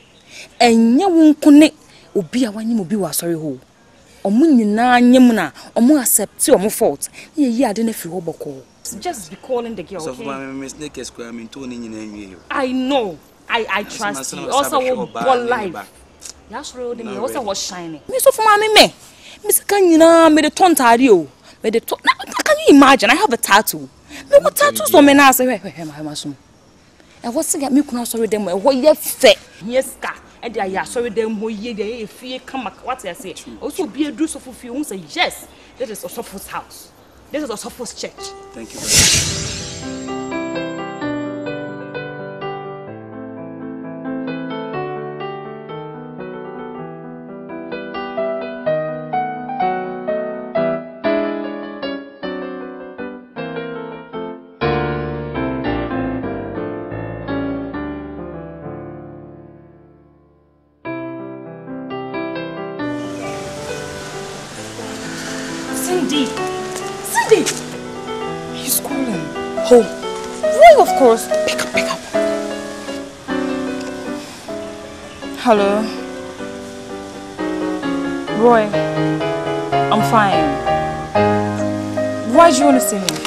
enye wo nkune obi a wanyem obi wa sorry ho ọmụ nyinaa nye m na ọmụ accept ọmụ fault na eyi ade na firi hɔ bɔkɔɔ. just be calling the girl okay. sọfún maame mi snake esquire mi ntọ́ ni nyinaa i know i i trust you also wo bọ life n'asɔrɔ o de mi wɔsɛ wɔ shine. mi so fún ma mi mɛ mi sika nyinaa mi de tɔ ntaade o mi de tɔ na can you imagine i have a tattoo mi wɔ tattoo sɔ mi n'asɛ hɛ hɛ hɛ ma hɛ ma sum ɛwɔ e sika mi kun asɔrɔ dɛm ɛwɔ e yɛ fɛ yɛ sika ɛde e ayɛ asɔre dɛm hɔ yie deɛ ɛyɛ fie kama wate aseɛ ɔsɛ obi adu sɔfo fie ɔhu sɛ yes this is ɔsɔfo's house this is ɔsɔfo's church. Thank you very much. course. Pick up, pick up. Hello. Roy, I'm fine. Why do you want to see me?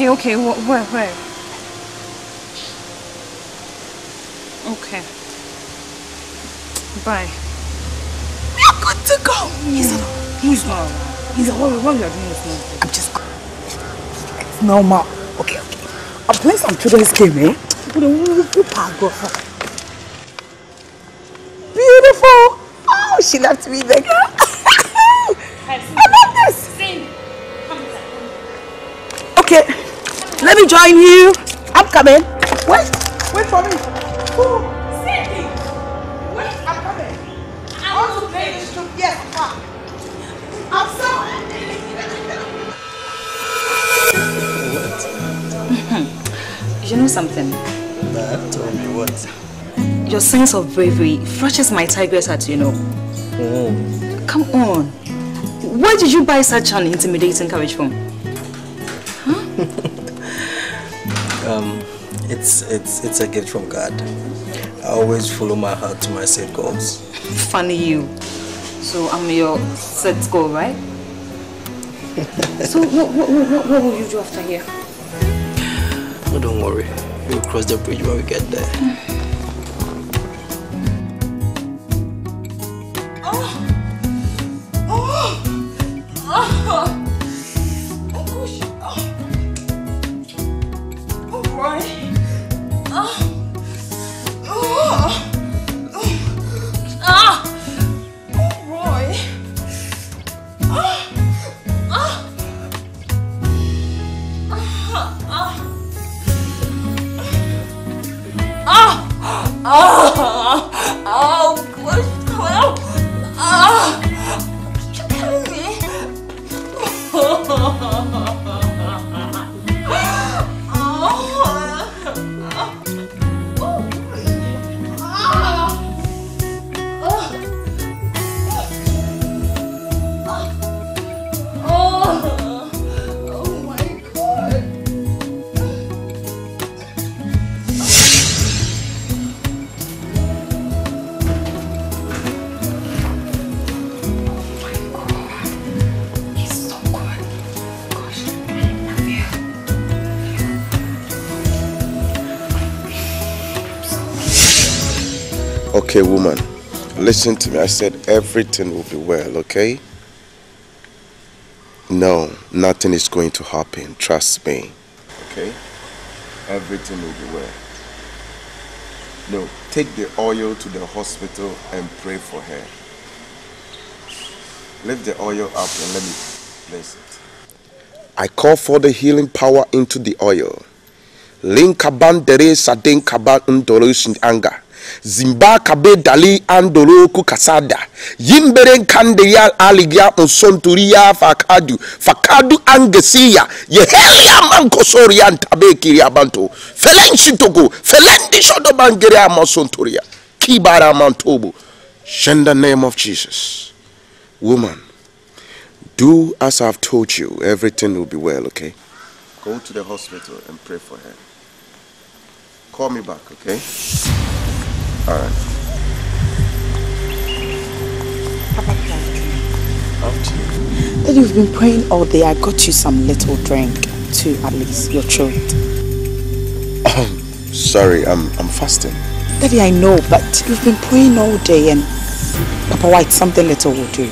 Okay, okay, where, where? Okay. Bye. We are good to go! He's hmm. not. He's not. He's not. What, are you doing is not. I'm just... going. It's normal. Okay, okay. I'm playing some children's game, eh? Beautiful! Oh, she left me there. join you. I'm coming. Wait, wait for me. Cindy, wait, I'm coming. I want to play this too. Yes, I'm sorry. you know something? tell me what? Your sense of bravery flushes my tigress at you know. Oh. Come on. Where did you buy such an intimidating courage from? it's, it's a gift from God. I always follow my heart to my set goals. Funny you. So I'm your set goal, right? so what, what, what, what will you do after here? Oh, don't worry. We'll cross the bridge when we get there. Okay, woman, listen to me. I said everything will be well, okay? No, nothing is going to happen. Trust me. Okay? Everything will be well. No, take the oil to the hospital and pray for her. Lift the oil up and let me place it. I call for the healing power into the oil. Link kaban dere sadin kaban anger. Zimbabwe, dali andolo kukasada yimbere nkande ya aligia onsonturi ya fakadu fakadu angesiya yehelia mankosori ya ntabe kiri abantu felen shitoko felen dishodo bangere amasontori ya kibara amantobo in the name of Jesus woman do as I've told you everything will be well okay go to the hospital and pray for her call me back okay All right. That you've been praying all day, I got you some little drink too, at least your throat. Oh, sorry, I'm I'm fasting. Daddy, I know, but you've been praying all day, and Papa White, something little will do.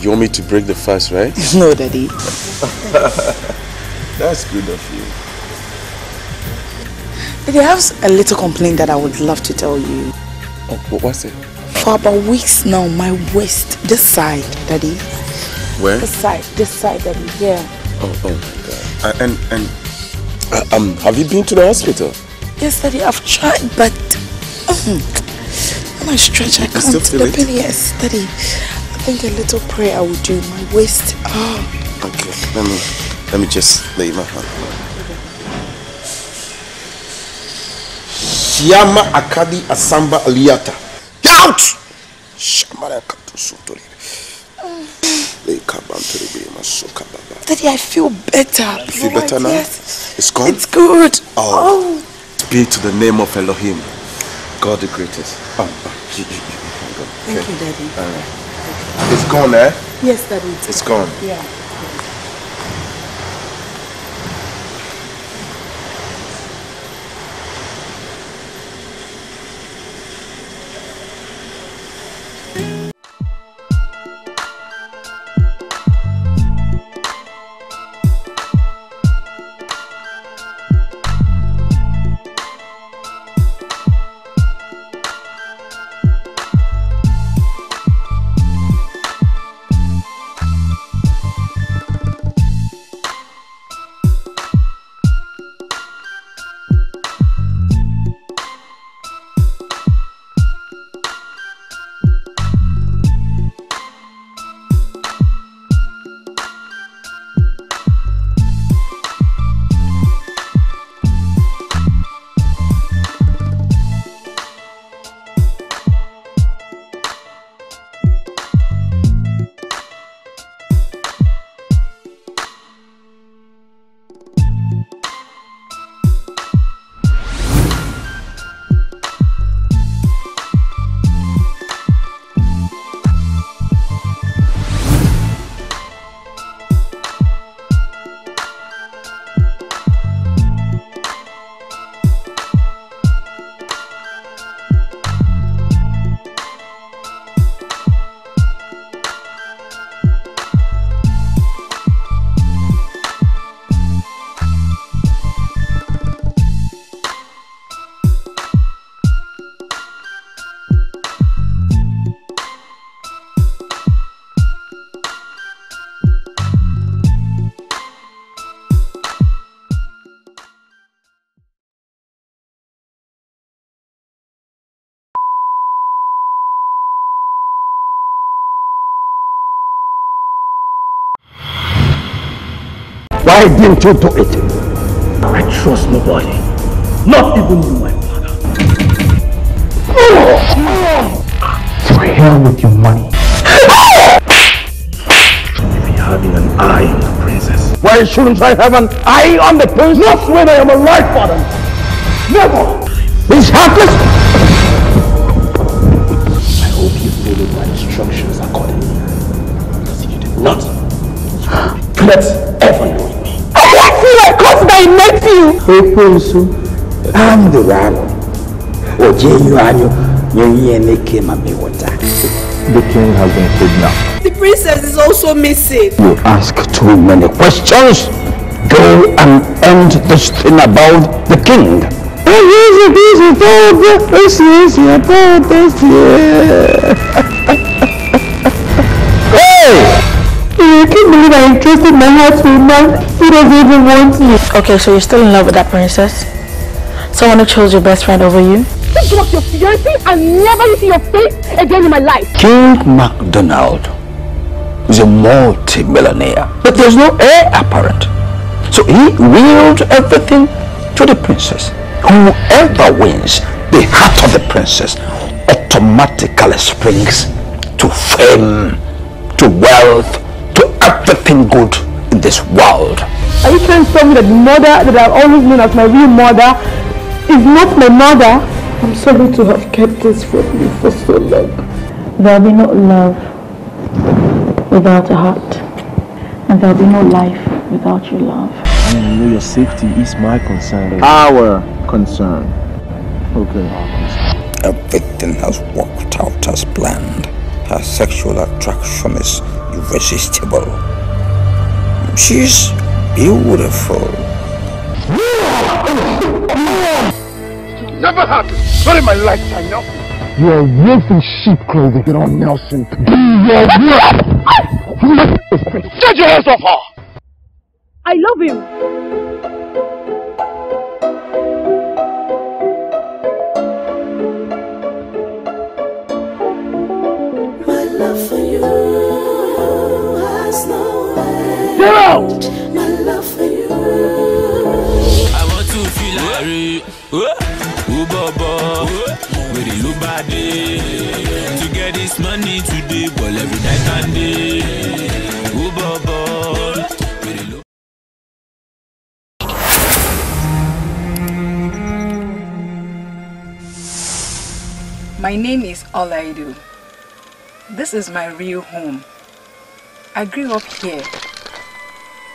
You want me to break the fast, right? no, Daddy. That's good of you. I have a little complaint that I would love to tell you. Oh, what was it? For about weeks now, my waist, this side, Daddy. Where? This side, this side, Daddy. yeah. Oh, oh my God. Uh, and, and, uh, um, have you been to the hospital? Yes, Daddy, I've tried, but um, mm-hmm. when stretch, I can't. Still feel it. yes, Daddy. I think a little prayer I will do. My waist. Oh. Okay, let me, let me just lay my hand. Shiama Akadi Asamba Aliata. Get out! Daddy, I feel better. You feel better now? Yes. It's gone? It's good. Oh. oh. Be to the name of Elohim. God the greatest. Oh, oh, Thank okay. you, Daddy. All right. It's gone, eh? Yes, Daddy. it's gone. Yeah. Why didn't you do it? I trust nobody. Not even you, my father. To hell with your money. If you're having an eye on the princess. Why shouldn't I have an eye on the princess? Not when I am alive, father. Never. He's heartless. I hope you followed my instructions accordingly. Because if you did not, you let of course that he you. Ekwensu, andụrụ anụ, o jeghị anyụ, nye ihe n'eke ma mewata. The king has been kidnapped. The princess is also missing. You ask too many questions. Go and end this thing about the king. It is a believe I entrusted my heart to a man who doesn't even want me. Okay, so you're still in love with that princess? Someone who chose your best friend over you? Take off your fiancé and never see your face again in my life. King MacDonald is a multi-millionaire, but there's no heir apparent. So he wields everything to the princess. Whoever wins the heart of the princess automatically springs to fame, to wealth, everything good in this world. Are you trying to tell me that the mother that I've always known as my real mother is not my mother? I'm sorry to have kept this from you for so long. There'll be no love without a heart. And there'll be no life without your love. I know your safety is my concern. Our concern. Okay. Everything has worked out as planned. Her sexual attraction is irresistible. She's beautiful. Never happened. Not in my lifetime, no. You're wolf in sheep clothing. you on, Nelson. Be your wolf. Get your hands off her. I love him. Get My love for you. I want to feel Larry. Ooh, Bobo. With the Lubade. To get this money today, well, every night and day. Ooh, Bobo. My name is Olaidu. This is my real home. I grew up here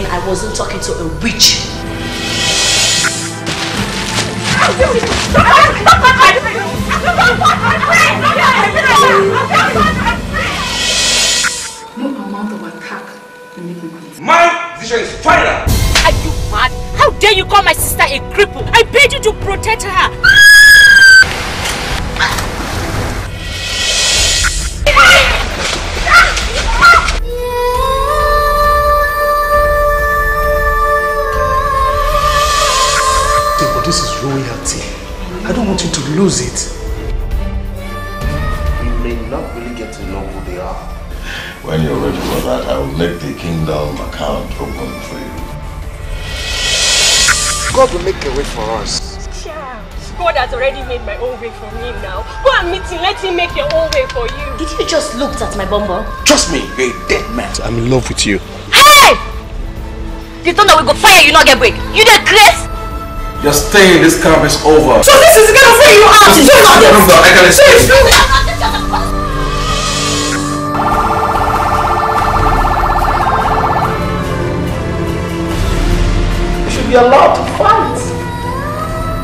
pretend I wasn't talking to a witch. No amount of attack can make me quit. My decision is final! Are you mad? How dare you call my sister a cripple? I paid you to protect her! I don't want you to lose it. You may not really get to know who they are. When you're ready for that, I will make the kingdom account open for you. God will make a way for us. God has already made my own way for me now. Go and meet him, let him make your own way for you. Did you just look at my bumble? Trust me, you're a dead man. I'm in love with you. Hey! You don't know we go fire, you not get break. You the grace! You're staying. This camp is over. So this is gonna free you out. Just you're not. Remember, I can escape. You should be allowed to fight.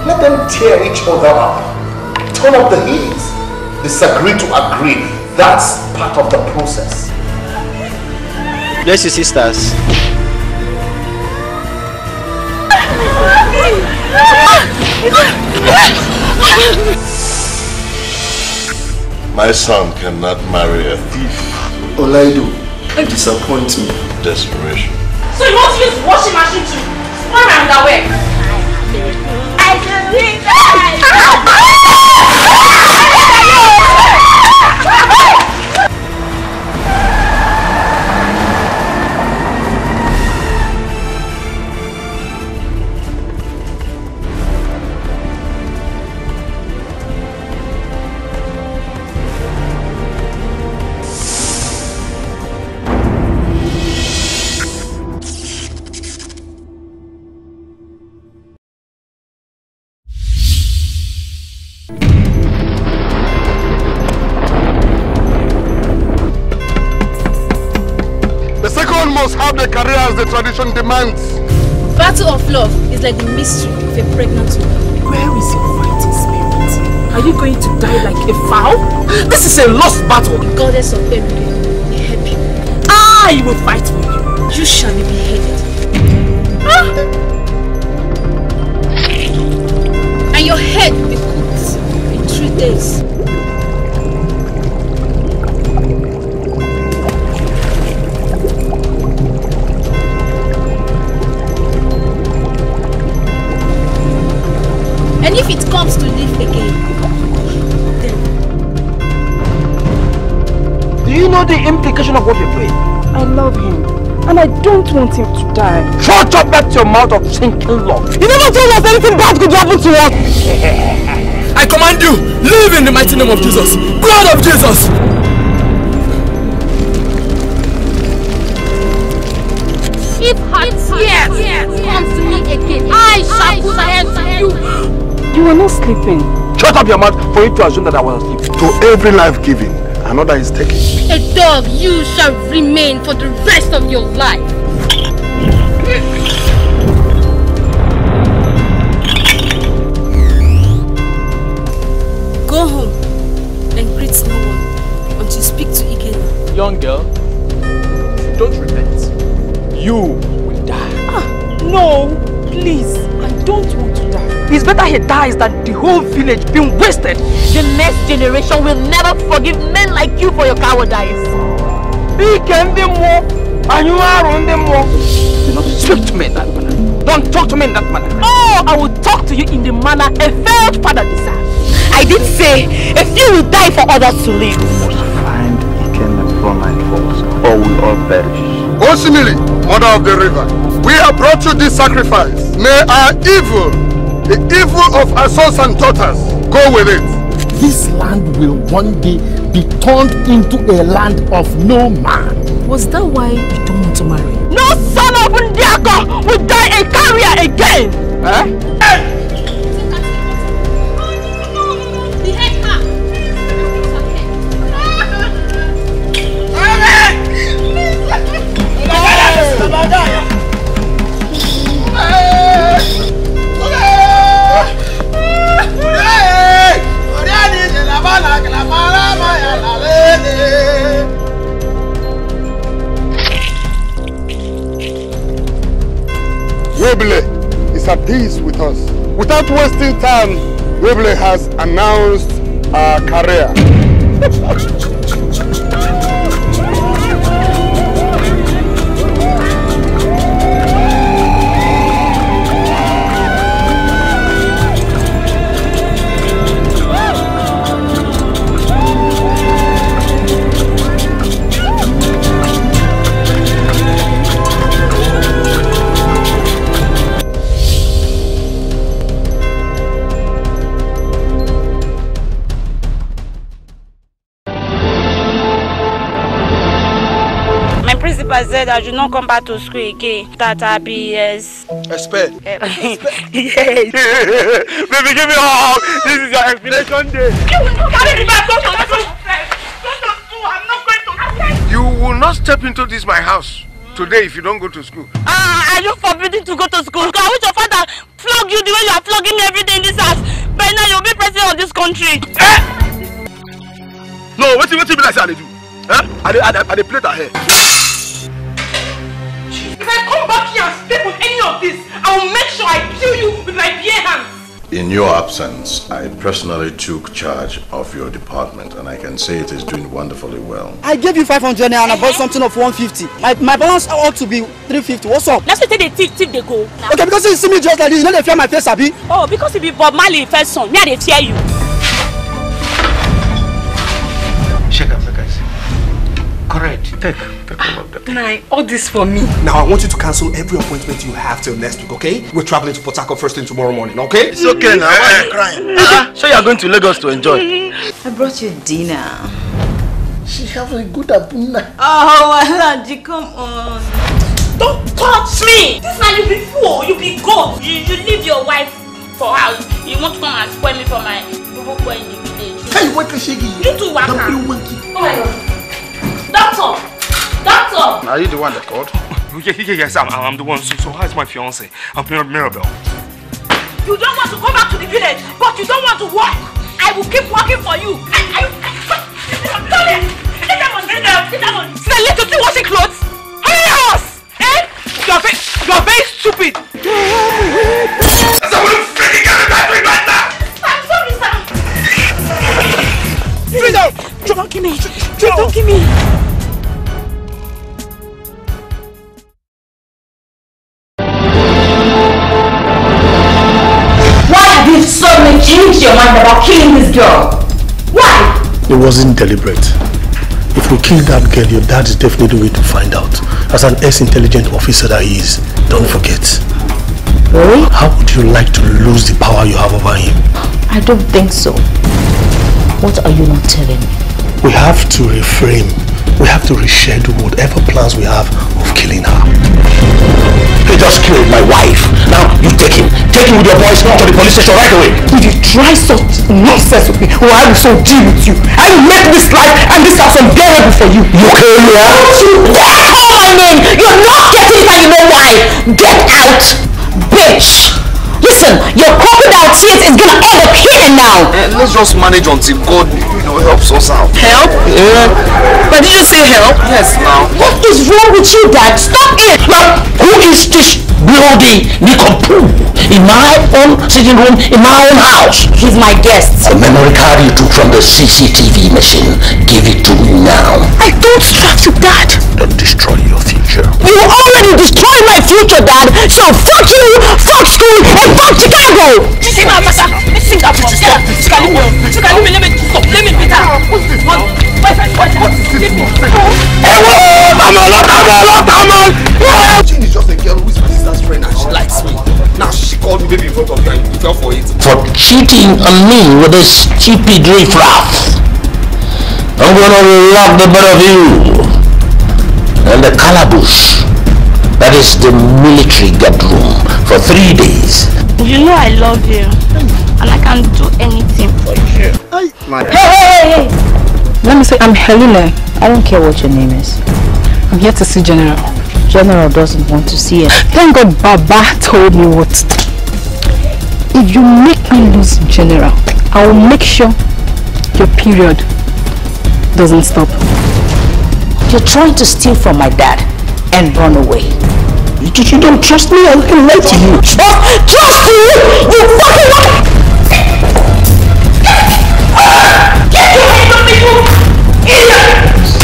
Let them tear each other up. Turn up the heat. Disagree to agree. That's part of the process. Bless you, sisters. My son cannot marry a thief. do you disappoint me. Desperation. So you want to use washing machine to run around away? tradition demands. Battle of love is like the mystery of a pregnant woman. Where is your fighting spirit? Are you going to die like a fowl? This is a lost battle. The goddess of everything will help you. I will fight for you. You shall be beheaded. Ah! And your head will be cooked in three days. And if it comes to live again, then... Do you know the implication of what you're doing? I love him. And I don't want him to die. Shut up that your mouth of sinking love. You never told us anything bad could happen to us. I command you, live in the mighty name of Jesus. Blood of Jesus. If her yes. yes. comes to me again, I shall put her you were not sleeping. Shut up your mouth for you to assume that I was asleep. To every life given, another is taken. A dog you shall remain for the rest of your life. Go home and greet no one until you speak to Ikena. Young girl, don't repent. You will die. Ah, no, please, I don't want to die. It's better he dies than the whole village being wasted. The next generation will never forgive men like you for your cowardice. Be more, And you are on them more. Do not speak to me in that manner. Don't talk to me in that manner. Oh, I will talk to you in the manner a failed father deserves. I did say, a few will die for others to live. We must find Iken and Frontline Falls, or we all perish. Osimili, mother of the river, we have brought you this sacrifice. May our evil The evil of our sons and daughters. Go with it. This land will one day be turned into a land of no man. Was that why you don't want to marry? No son of Ndiako will die a carrier again! Eh? at peace with us. Without wasting time, Webley has announced our career. said I should not come back to school again. That I be yes. Expert. yes. Baby, give me a hug. This is your explanation day. You will not Carry me back. Don't talk to I'm not going to. You will not step into this my house today if you don't go to school. Ah, uh, are you forbidden to go to school? I wish your father flog you the way you are flogging everything in this house. But now you'll be president of this country. Eh? No, wait till wait till be like say I do. Eh? I dey I dey play that here? If I come back here and step on any of this, I will make sure I kill you with my bare hands. In your absence, I personally took charge of your department and I can say it is doing wonderfully well. I gave you 500 and I bought uh-huh. something of 150. My, my balance ought to be 350. What's up? Let's take the tip, tip they go. Now. Okay, because you see me just like this, you know they fear my face, Abi? Oh, because you be Bob Marley first son, me they fear you. Check up guys. Correct. Take. Nine, all this for me. Now I want you to cancel every appointment you have till next week, okay? We're traveling to Port Harcourt first thing tomorrow morning, okay? It's okay now. Why are you crying? Uh, so are going to Lagos to enjoy. I brought you dinner. She has a good abuna. Oh, Alaji, come on. Don't touch me! This man, you be fool, you be goat. You, you leave your wife for house. You want to come and spoil me for my boo boy in the village. Hey, what is she? You two work. Oh Doctor! Doctor! Are you the one that called? Yeah, yeah, yes, I'm, I'm the one. So, so is my fiance? I'm Mirabel. You don't want to come back to the village, but you don't want to work. I will keep working for you. I, I, I, Tony! Sit down, sit down, sit down. Sit down, little washing clothes. Hurry us! Eh? You're very, you're very stupid. Someone freaking out of battery right now! I'm sorry, Freedom! Don't kill me! Don't kill me! mind about killing this girl? Why? It wasn't deliberate. If we kill that girl, your dad is definitely going to find out. As an ex-intelligent officer that he is, don't forget. Really? How would you like to lose the power you have over him? I don't think so. What are you not telling me? We have to reframe. We have to reschedule whatever plans we have of killing her. He just killed my wife. Now, you take him. Take him with your boys to the police station right away. If you try such nonsense with me, or I will so deal with you. I will make this life and this house unbearable for you. You came here? Don't you dare call my name. You're not getting it and you know why. Get out, bitch! Listen, your crocodile tears is gonna end up here now. Uh, let's just manage until God, you know, helps us out. Help? Yeah. But did you say help? Yes, now. What is wrong with you, Dad? Stop it! Now, who is this bloody nincompoop? in my own sitting room, in my own house. He's my guest. The memory card you took from the CCTV machine, give it to me now. I don't trust you, Dad. Don't destroy your future. You already destroyed my future, Dad. So fuck you, fuck school, and fuck Chicago. Hello, I'm a lot, I'm a lot, I'm a lot. She is just a girl who is my sister's friend and she likes me called me baby in front of you and you fell for it. For cheating on me with a stupid riffraff. I'm gonna lock the both of you and the calabush. That is the military guardroom for three days. You know I love you. And I can do anything for you. Hey, hey, hey, hey! Let me say, I'm Helena. I don't care what your name is. I'm here to see General. General doesn't want to see it. Thank God Baba told me what if you make me lose General, I will make sure your period doesn't stop. You're trying to steal from my dad and run away. You, you don't trust me? I can lie to you. Trust, trust you? You fucking Get me, you idiot!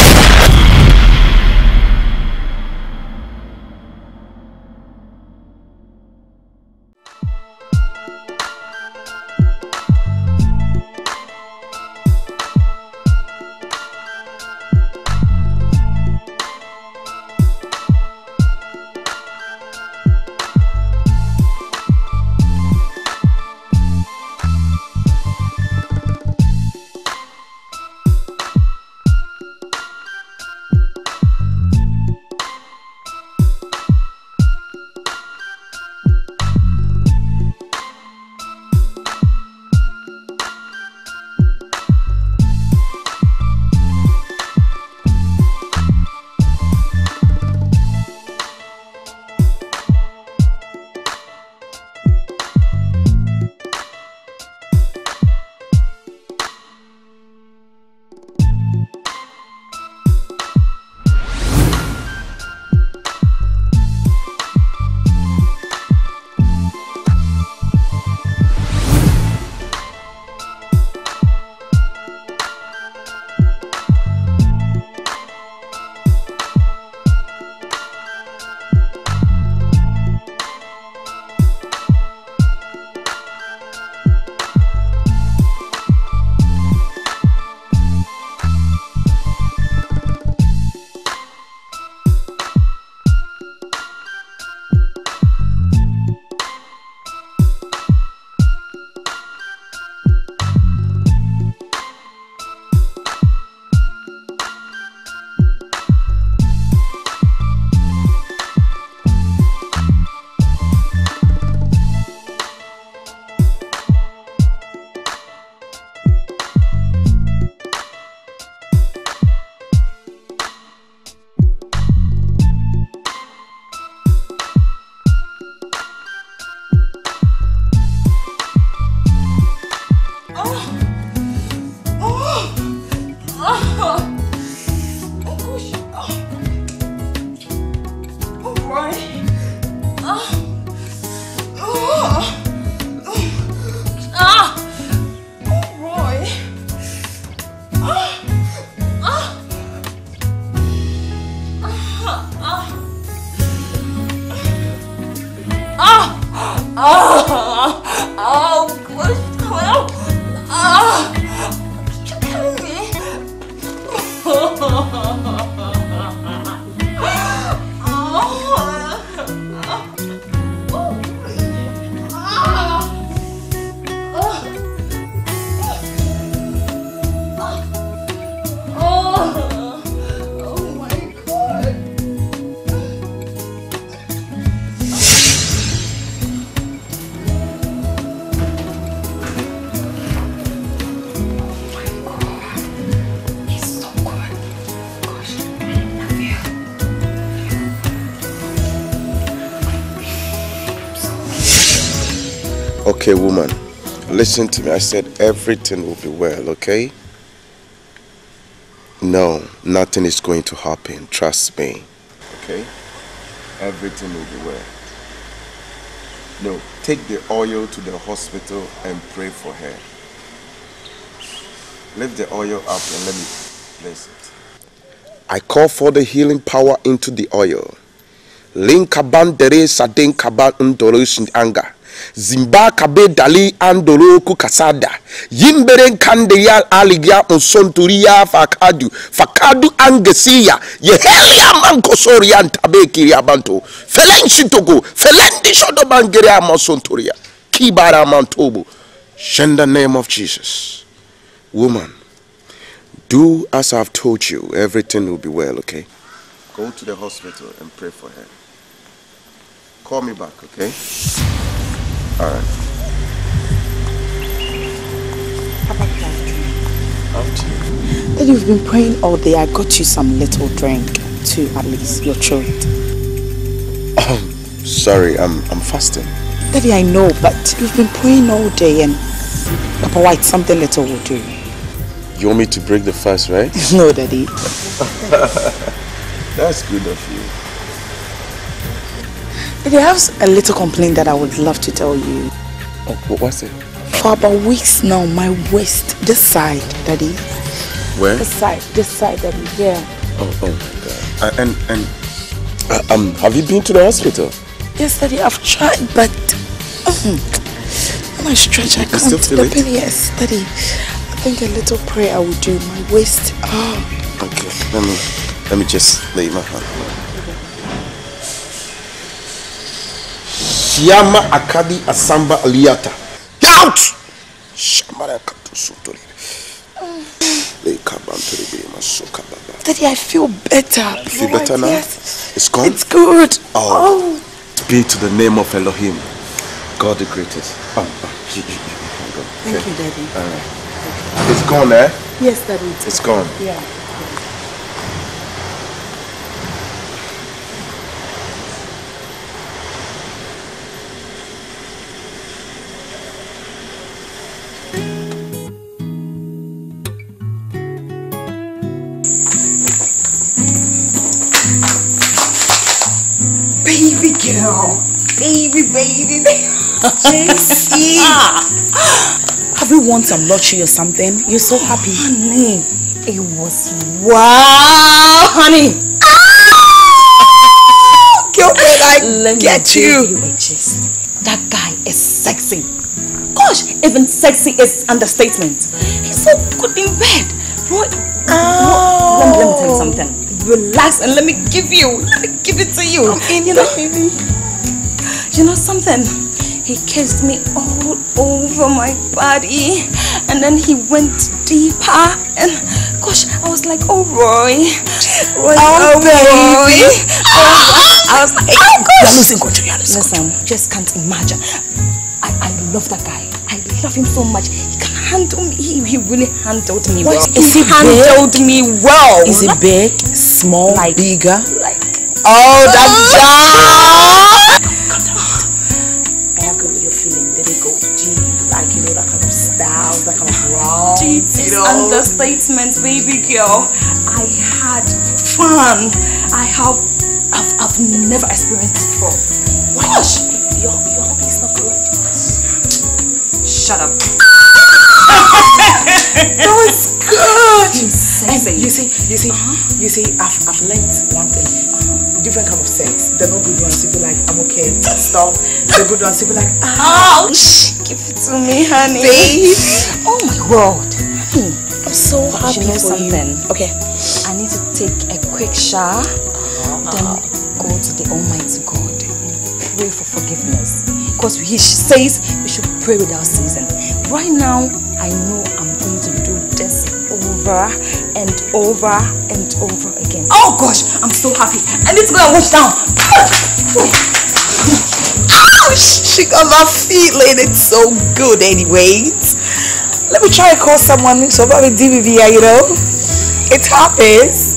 Okay, woman, listen to me. I said everything will be well, okay? No, nothing is going to happen. Trust me. Okay? Everything will be well. No, take the oil to the hospital and pray for her. Lift the oil up and let me place it. I call for the healing power into the oil. Link kaban sadin kaban ndorosin anger kabe dali andolo kukasada yimbere nkande ya aligya onsonturi ya fakadu fakadu angesiya yehelia mankosori ya ntabe kiri bantu. felen shitogo felen dishodo ya kibara Mantobu. in the name of Jesus woman do as I've told you everything will be well okay go to the hospital and pray for her call me back okay that? you. have been praying all day, I got you some little drink too, at least, your throat. Oh, sorry, I'm, I'm fasting. Daddy, I know, but you've been praying all day and Papa White, something little will do. You want me to break the fast, right? no, Daddy. That's good of you. I have a little complaint that I would love to tell you. Oh, what was it? For about weeks now, my waist, this side, Daddy. Where? This side, this side, Daddy. yeah. Oh, oh my God. Uh, and, and, uh, um, have you been to the hospital? Yes, Daddy, I've tried, but... Um, when I stretch, I can't. Still feel the pain, yes, Daddy. I think a little prayer I will do. My waist, oh. Okay, let me, let me just lay my hand Akadi Asamba Aliata. Get out! Daddy, I feel better. You feel better now? It's gone? It's good. Oh. oh. Be to the name of Elohim. God the greatest. Oh, oh, Thank okay. you, Daddy. All right. It's gone, eh? Yes, Daddy. it's gone. Yeah. baby. Have you won some lottery or something? You're so happy. Honey, it was wow, honey. Ah! Girlfriend, I Let get me you. you a gist. That guy is sexy. Gosh, even sexy is understatement. He's so good in bed. Bro, oh. Roy let, me, let me tell you oh. something. Relax and let me give you, let me give it to you. you know, baby you know something? He kissed me all over my body and then he went deeper and gosh, I was like, oh Roy, Roy, oh, oh baby. Roy. Oh, I was like, oh gosh. You're losing control, you're losing Listen, control. just can't imagine. I, I love that guy. I love him so much. He can handle me. He, he really handled me what? well. Is he, he handled big? me well. Is he big, small, like, bigger? Like, oh, that oh. is understatement, baby girl. I had fun. I have, I've, I've never experienced this before. Why you Your, your hobby is not good. Shut up. that was good. Insane. You see, you see, uh -huh. you see. I've, I've learned one thing. Uh-huh. Different kind of sex. The not good ones, you'll be like, I'm okay, stop. The good ones, you'll be like, ah. ouch. Give it to me, honey. Babe. Oh my god happy. Hmm. I'm so but happy you know for something? you. Okay. I need to take a quick shower, uh, then go to the Almighty God and pray for forgiveness. Because He says we should pray without season. Right now, I know I'm going to do this over and over and over again. Oh gosh, I'm so happy. I need to go and wash down. She got my feet, and it's so good anyway. Let me try and call someone So about a you know? It happens.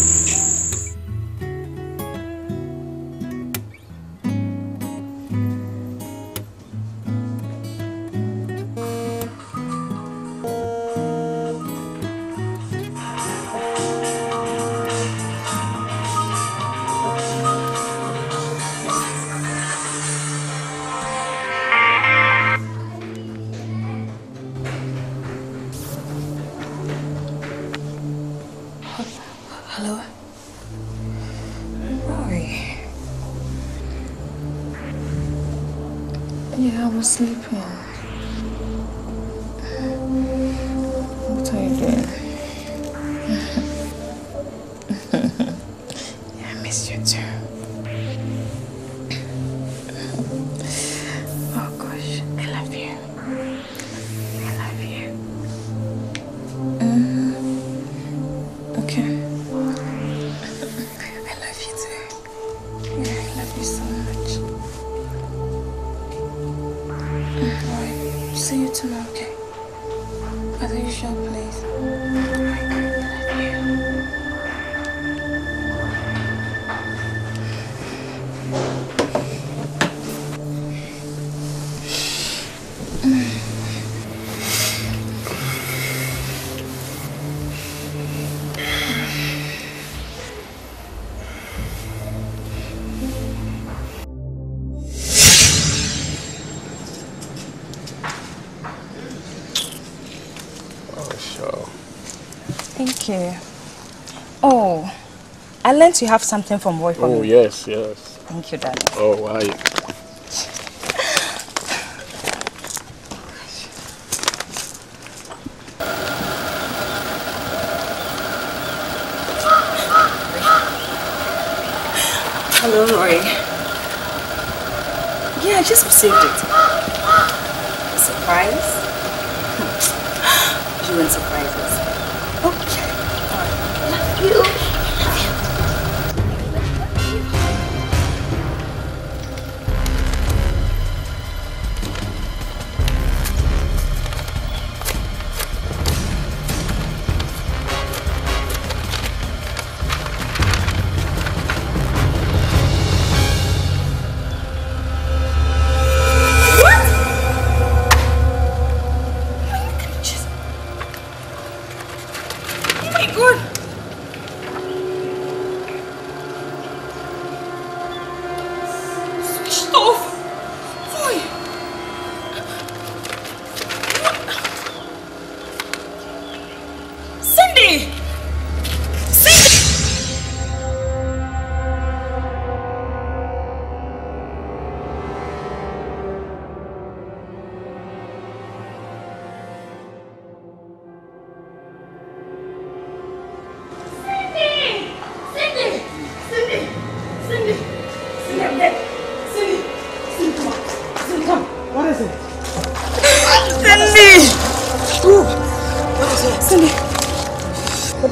meant you have something from work for oh, me. yes, yes. Thank you, Dad. Oh, wow. Hello, Roy. Yeah, I just received it.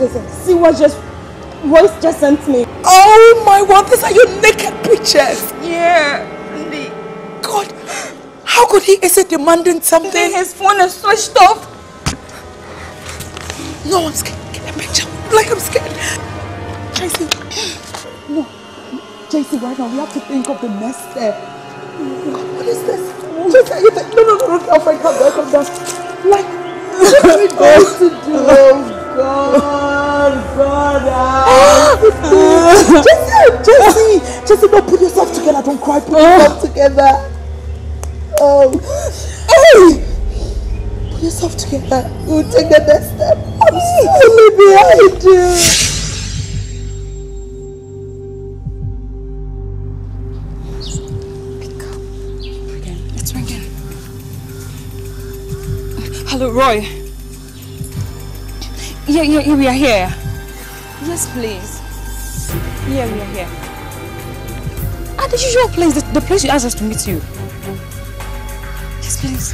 listen, see what just Royce just sent me. Oh my word, these are your naked pictures. Yeah, Andy. God, how could he is it demanding something? his phone is switched off. No, I'm scared. Get a picture. Like I'm scared. JC. No. JC, right now we have to think of the next step. what is this? JC, are you no, no, no, no, girlfriend, come down, come down. Like, what are we going to do? God, God. Jesse, Jesse, Jesse, don't put yourself together. Don't cry. Put yourself together. Oh, hey, put yourself together. We'll take the next step. I'm sorry behind you. Hello, Roy. Yeah, yeah, yeah, we are here. Yes, please. Yeah, we are here. At the usual place, the, the place you asked us to meet you. Yes, please.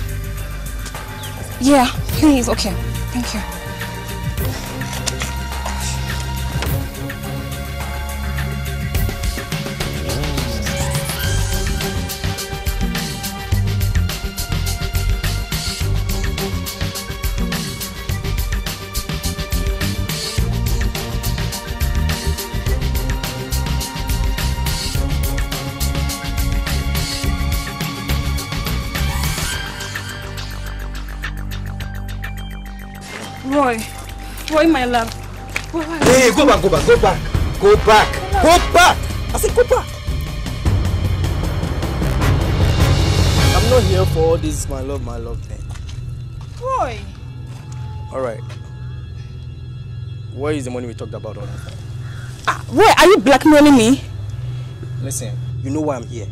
Yeah, please. Okay. Thank you. my love. Go hey, go back, go back, go back. Go back. Go back. I said go back. I'm not here for all this my love, my love thing. Boy. Alright. Where is the money we talked about all that time? Ah, are you blackmailing me? Listen, you know why I'm here.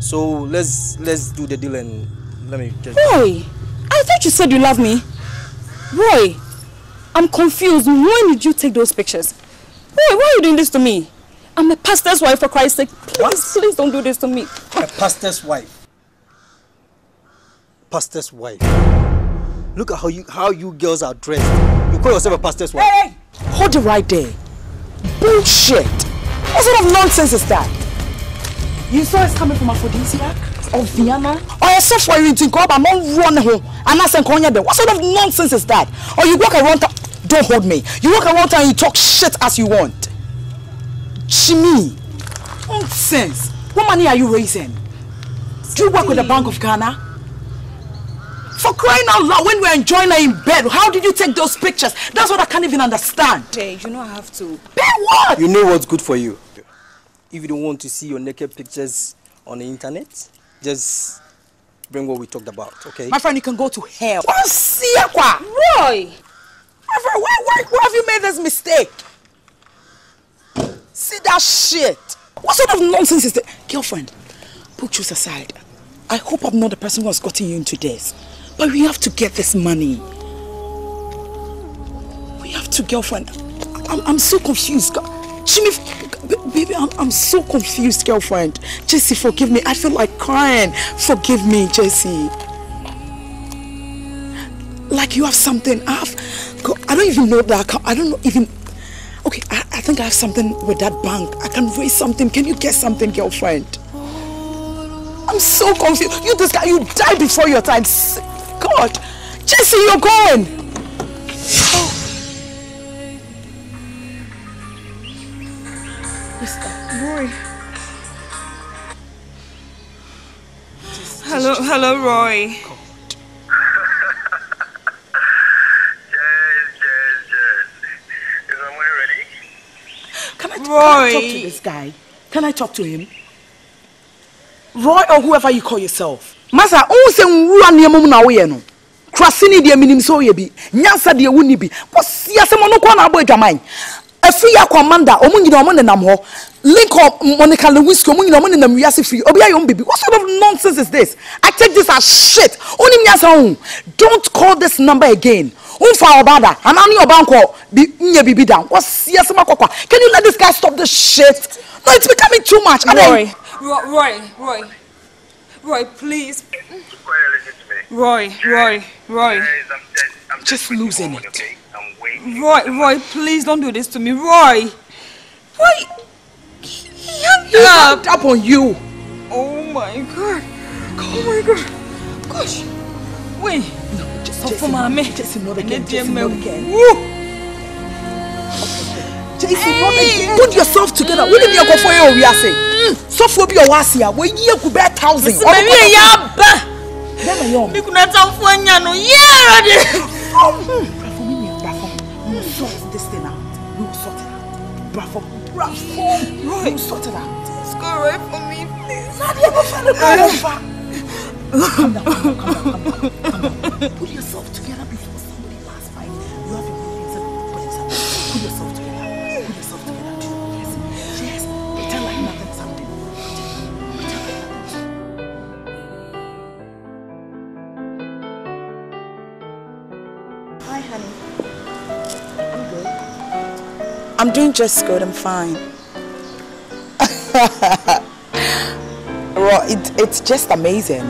So let's let's do the deal and let me just. Boy! I thought you said you love me. Boy! I'm confused. When did you take those pictures? Why, why are you doing this to me? I'm a pastor's wife, for Christ's sake. Please, what? please don't do this to me. A pastor's wife. Pastor's wife. Look at how you how you girls are dressed. You call yourself a pastor's wife. Hey! Hold it right there. Bullshit! What sort of nonsense is that? You saw it coming from Aphrodisiac? Oh, Or yourself for you think, oh, I'm not run home. And I said, what sort of nonsense is that? Or you walk around, don't hold me. You walk around and you talk shit as you want. Jimmy, nonsense. What money are you raising? Do you work with the Bank of Ghana? For crying out loud, when we are enjoying her in bed, how did you take those pictures? That's what I can't even understand. Hey, you know I have to. Pay what? You know what's good for you. If you don't want to see your naked pictures on the internet, just bring what we talked about, okay? My friend, you can go to hell. see ya kwa. Roy! My friend, why, why, why have you made this mistake? See that shit? What sort of nonsense is that? Girlfriend, put you aside. I hope I'm not the person who has gotten you into this. But we have to get this money. We have to, girlfriend. I'm, I'm so confused. Jimmy, baby, I'm, I'm so confused, girlfriend. Jesse, forgive me. I feel like crying. Forgive me, Jesse. Like you have something. I have, I don't even know that account. I don't even, okay, I, I think I have something with that bank. I can raise something. Can you get something, girlfriend? I'm so confused. You, this guy, you die before your time. God, Jesse, you're going. Roy. Hello, hello, Roy. Roy. Can I talk to this guy? Can I talk to him? Roy or whoever you call yourself. Masa, who say nwura nneɛma mu na woyɛ no? Krasini deɛ minim sɛ woyɛ bi. Nyansa deɛ wonni bi. Kɔsi asɛm no kɔ na abɔ adwaman. A efiri yɛ akɔmanda ɔmo nyina ɔmo nenam hɔ lincoln monica lewinsky ɔmo nyina ɔmo nenam wiase firi obi ayɛ ɔmo baby. what sort of nonsense is this i take this as shit onim yasa ho don't call this number again nfa ɔba da anani ɔba nkɔ bi nye bibi da wɔsi ɛsɛm akɔkɔ can you let this guy stop this shit no it's becoming too much. roy roy roy roy please. roy roy roy just losing it. away. Roy, Roy, please don't do this to me. Roy! Roy! He, he hung up! up on you! Oh my god. Oh my god. Gosh. Wait. No, just so for mommy. Jason, not again. Jason, not again. Woo! Jason, not again. Put yourself together. We didn't be a go for you, we are saying? So for be a wasia. We ye could bear thousand. Oh, my god. Never young. Mikuna, I'm for a yano. Yeah, already. will sort this thing out. We will sort it out. Bravo, bravo. Right. We will sort it out. Just go right for me, please. Nadia, go find a Come down, come down, calm down, calm down. Put yourself together before somebody last fight. You have to be yourself. Put yourself I'm doing just good, I'm fine. Well, it, it's just amazing.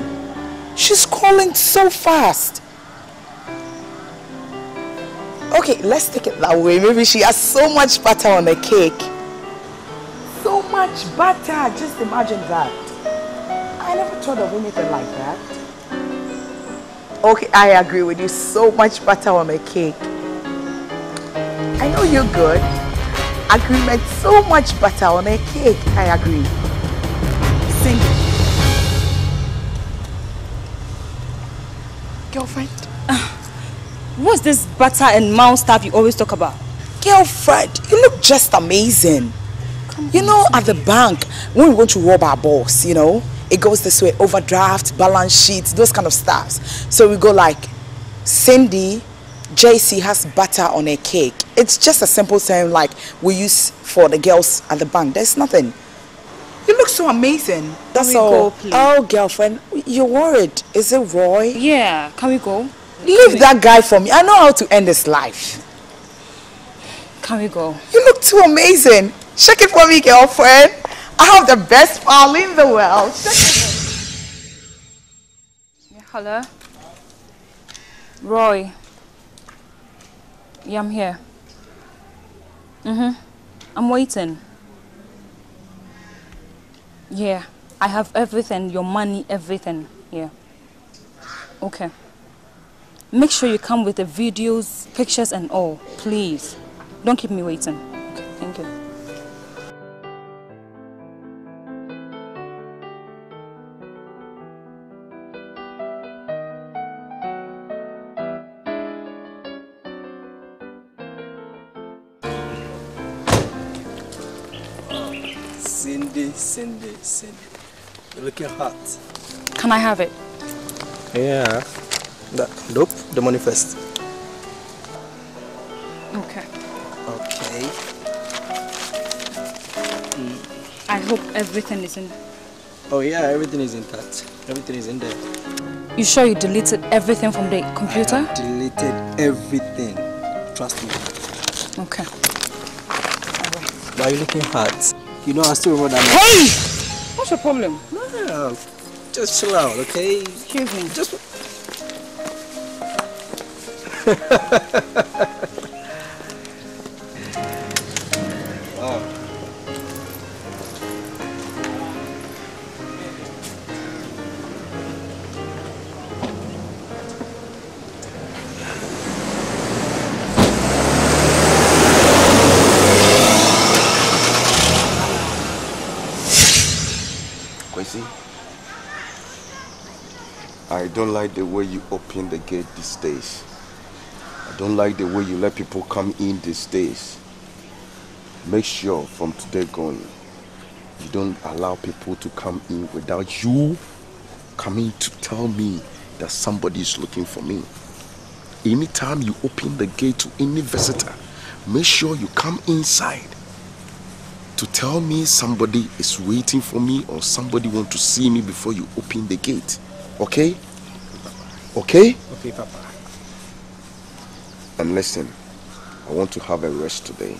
She's calling so fast. Okay, let's take it that way. Maybe she has so much butter on the cake. So much butter. Just imagine that. I never thought of anything like that. Okay, I agree with you. So much butter on the cake. I know you're good agreement so much better on a cake. I agree. Sing. Girlfriend? Uh, what's this butter and mouth stuff you always talk about? Girlfriend, you look just amazing. Come you know, at the bank, when we want to rob our boss, you know, it goes this way, overdraft, balance sheets, those kind of stuffs. So we go like, Cindy, JC has butter on her cake. It's just a simple thing like we use for the girls at the bank. There's nothing. You look so amazing. That's all. Go, oh, girlfriend, you're worried. Is it Roy? Yeah, can we go? Leave can that we... guy for me. I know how to end his life. Can we go? You look too amazing. Check it for me, girlfriend. I have the best file in the world. Hello? Roy. Yeah, I'm here. Mm-hmm. I'm waiting. Yeah, I have everything, your money, everything. Yeah. Okay. Make sure you come with the videos, pictures and all, please. Don't keep me waiting. Okay, thank you. Cindy, Cindy. You're looking hot. Can I have it? Yeah. That nope, the money first. Okay. Okay. Mm. I hope everything is in Oh yeah, everything is intact. Everything is in there. You sure you deleted everything from the computer? deleted everything. Trust me. Okay. Why are you looking hot? You know, I still remember that. Hey! Night. What's your problem? No, no, no, just chill out, okay? Excuse me. Just. don't like the way you open the gate these days. I don't like the way you let people come in these days. Make sure from today going, you don't allow people to come in without you coming to tell me that somebody is looking for me. Anytime you open the gate to any visitor, make sure you come inside to tell me somebody is waiting for me or somebody want to see me before you open the gate. Okay? Okay? Okay, Papa. And listen, I want to have a rest today.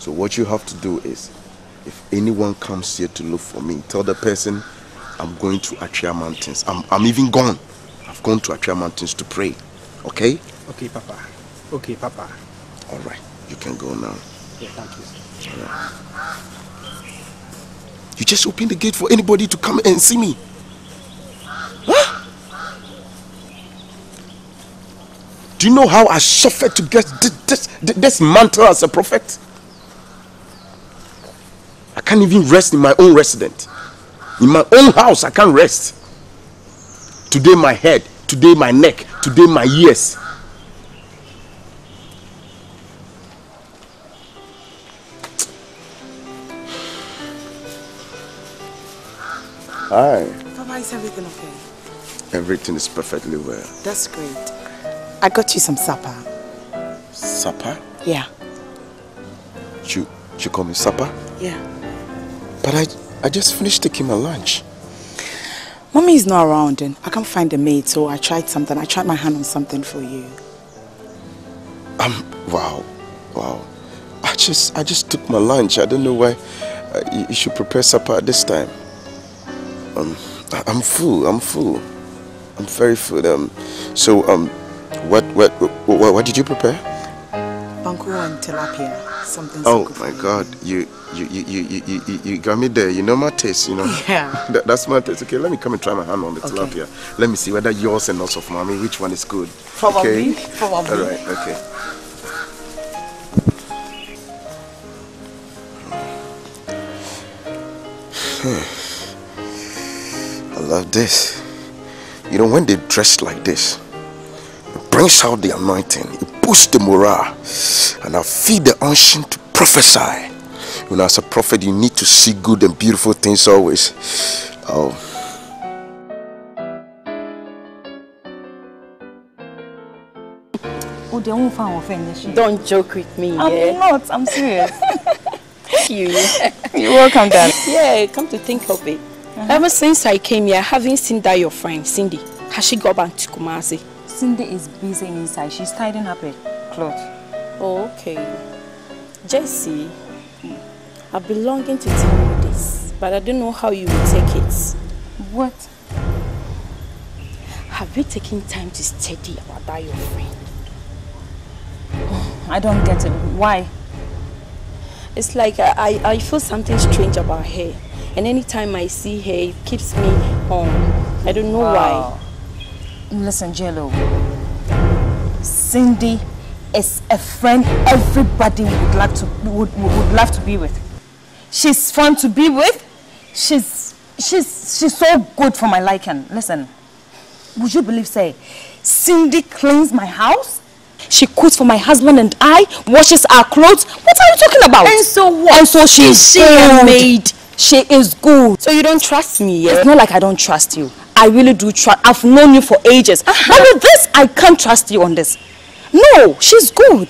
So what you have to do is, if anyone comes here to look for me, tell the person I'm going to Achia Mountains. I'm, I'm even gone. I've gone to Achia Mountains to pray. Okay? Okay, Papa. Okay, Papa. All right. You can go now. Yeah, thank you. You just open the gate for anybody to come and see me. Do you know how I suffered to get this, this, this mantle as a prophet? I can't even rest in my own residence. In my own house, I can't rest. Today my head, today my neck, today my ears. Hi. Papa, is everything okay? Everything is perfectly well. That's great. I got you some supper. Supper? Yeah. You, you call me supper? Yeah. But I, I just finished taking my lunch. Mommy is not around and I can't find a maid, so I tried something. I tried my hand on something for you. Um, wow, wow. I just, I just took my lunch. I don't know why uh, you should prepare supper at this time. Um, I, I'm full, I'm full. I'm very full. Um, so, um, what what what, what did you prepare? Banku and tilapia, something. Oh my God, you you, you you you you got me there. You know my taste, you know. Yeah. that, that's my taste. Okay, let me come and try my hand on the okay. tilapia. Let me see whether yours and also of mommy, which one is good. Probably. Okay. Probably. All right. Okay. Hmm. I love this. You know, when they dress like this, brings out the anointing, it pushes the morale, and I feed the unction to prophesy. You know, as a prophet, you need to see good and beautiful things always. Oh. Don't joke with me. I'm yeah. not. I'm serious. you. You're welcome, Dan. Yeah, come to think of it. Uh -huh. Ever since I came here, I haven't seen that your friend, Cindy. Has she gone back to Kumasi? Cindy is busy inside. She's tidying up her clothes. okay. Jesse, I've been longing to tell you this, but I don't know how you will take it. What? Have you taken time to study about that your friend? I don't get it. Why? It's like I, I, I feel something strange about her. And anytime I see her, it keeps me on. I don't know wow. why. Listen, Jello. Cindy is a friend everybody would like to would, would love to be with. She's fun to be with. She's she's she's so good for my liking. Listen, would you believe say Cindy cleans my house? She cooks for my husband and I, washes our clothes. What are you talking about? And so what? And so she's she, she a maid. She is good. So you don't trust me yet? It's not like I don't trust you. I really do try. I've known you for ages. Uh -huh. But uh-huh. with this, I can't trust you on this. No, she's good.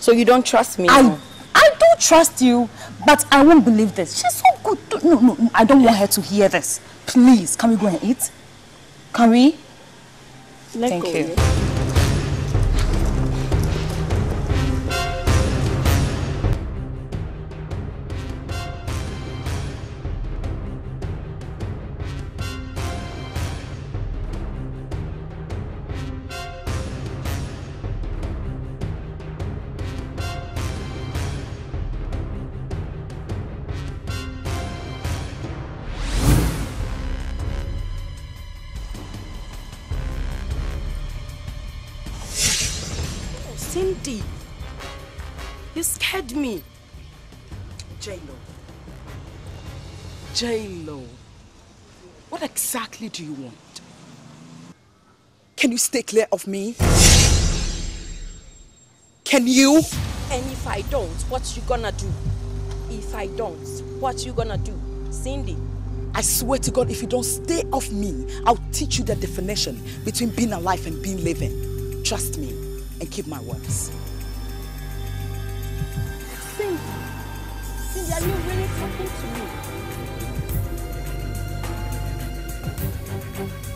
So you don't trust me? I, now? I do trust you, but I won't believe this. She's so good. No, no, no, I don't want her to hear this. Please, can we go and eat? Can we? Let Thank go. you. need me. J-Lo. J-Lo. What exactly do you want? Can you stay clear of me? Can you? And if I don't, what you gonna do? If I don't, what you gonna do? Cindy. I swear to God, if you don't stay off me, I'll teach you the definition between being alive and being living. Trust me and keep my words. Cindy, Cindy, are you really talking to me?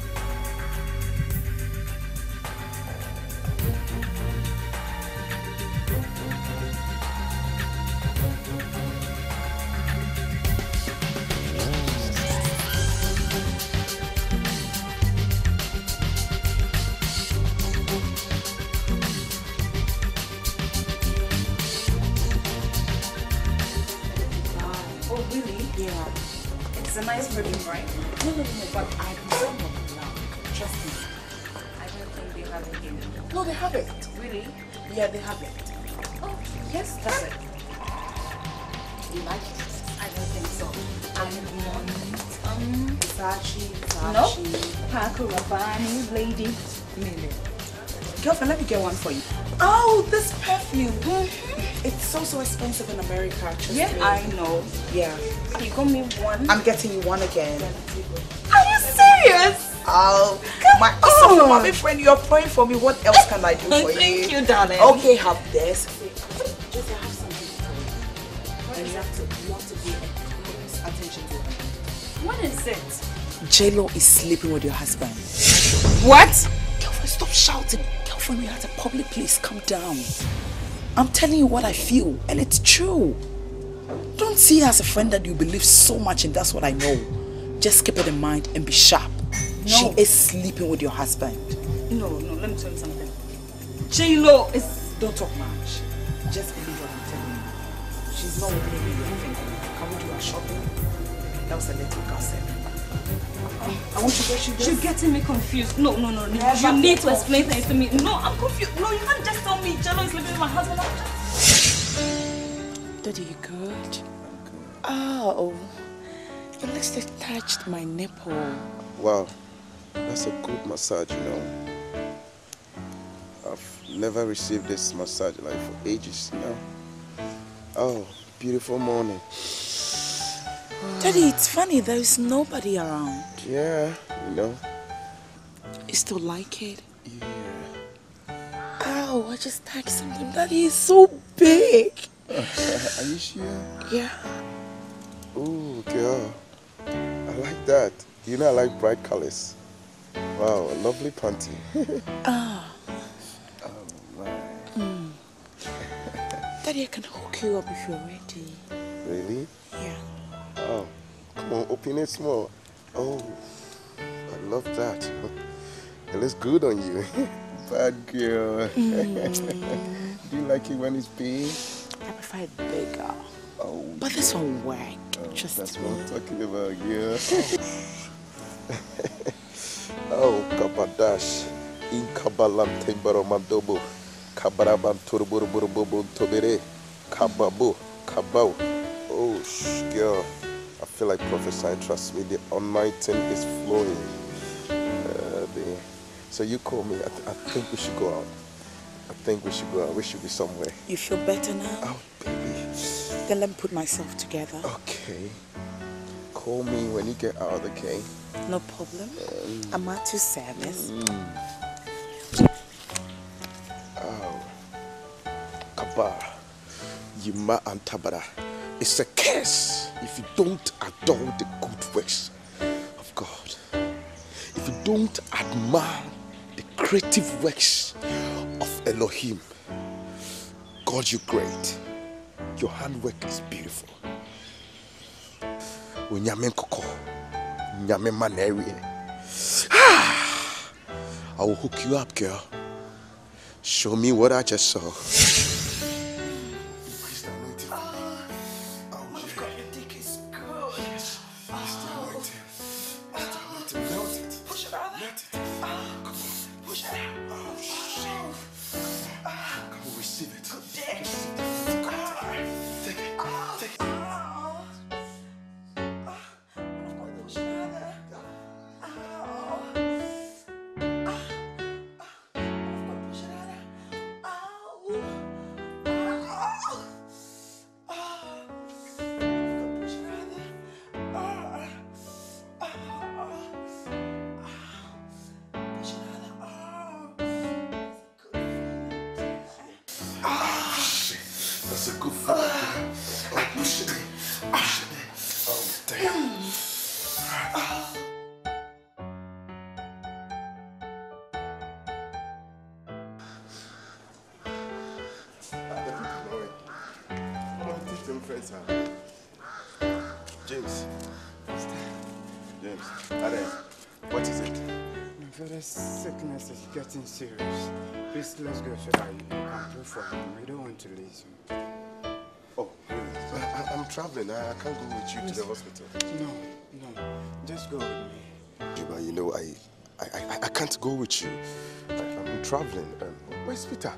It's a nice ribbon, right? No, no, no, no, but I don't know now. Trust me. I don't think they have it here. No, they have it. Really? Yeah, they have it. Oh, yes, that's it. You like it? I don't think so. I want um, Versace, Versace. Nope. Paco Rabanne, Lady. Million. Girlfriend, let me get one for you. Oh, this perfume. Mm -hmm. It's so, so expensive in America. yeah, I know. Yeah. You got me one. I'm getting you one again. Are you serious? Oh, Come my awesome oh, mommy friend, you're praying for me. What else can I do for Thank you? Thank you, darling. Okay, have this. Just have something you. you to, attention it. What is it? JLo is sleeping with your husband. What? Girlfriend, stop shouting. Alfred, we're at a public place. Calm down. I'm telling you what I feel, and it's true. Don't see her as a friend that you believe so much in. That's what I know. Just keep it in mind and be sharp. No. She is sleeping with your husband. No, no, let me tell you something. J-Lo is... Don't talk much. Just believe what I'm telling you. She's not with me. Can we do our shopping? That was a little gossip. I want to get you this. You're getting me confused. No, no, no, no. You need to explain things to me. No, I'm confused. No, you can't just tell me Jello is living with my husband. Daddy, you good? Oh, Alex touched my nipple. Wow, that's a good massage, you know. I've never received this massage like for ages, you know. Oh, beautiful morning. Daddy, it's funny. There is nobody around. Yeah, you know. You still like it? Yeah. Ow, I just packed something. Daddy is so big. Are you sure? Yeah. Oh, girl. I like that. You know I like bright colors. Wow, a lovely panty. ah. oh. my. Mm. Daddy, I can hook you up if you're ready. Really? Yeah on, open it small. Oh, I love that. It looks good on you. Bad girl. Mm. Do you like it when it's big? I prefer it bigger. Oh, but this one work. Oh, Trust that's me. what I'm talking about, yeah. oh, kabadash. In kabalam tembaro mandobo. Kabaraban turburburbubu tobere. Kababo. Kabao. Oh, girl. I feel like prophesying, trust me, the anointing is flowing. Uh, the, so you call me, I, th I, think we should go out. I think we should go out, we should be somewhere. You feel better now? Oh, baby. Then let me put myself together. Okay. Call me when you get out, okay? No problem. Um, I'm at your service. Mm. Oh. Kaba. Yima Antabara. It's a curse if you don't adore the good works of God. If you don't admire the creative works of Elohim, God, you're great. Your handwork is beautiful. Ah! I will hook you up, girl. Show me what I just saw. confessor. James. James, Adam, what is it? My father's sickness is getting serious. Please, let's go to that you can pray for him. We don't want to lose him. Oh, I, am traveling. I, I, can't go with you yes. to the hospital. No, no. Just go with me. Juba, you know, I, I, I, I can't go with you. I, am traveling. Um, where's Peter?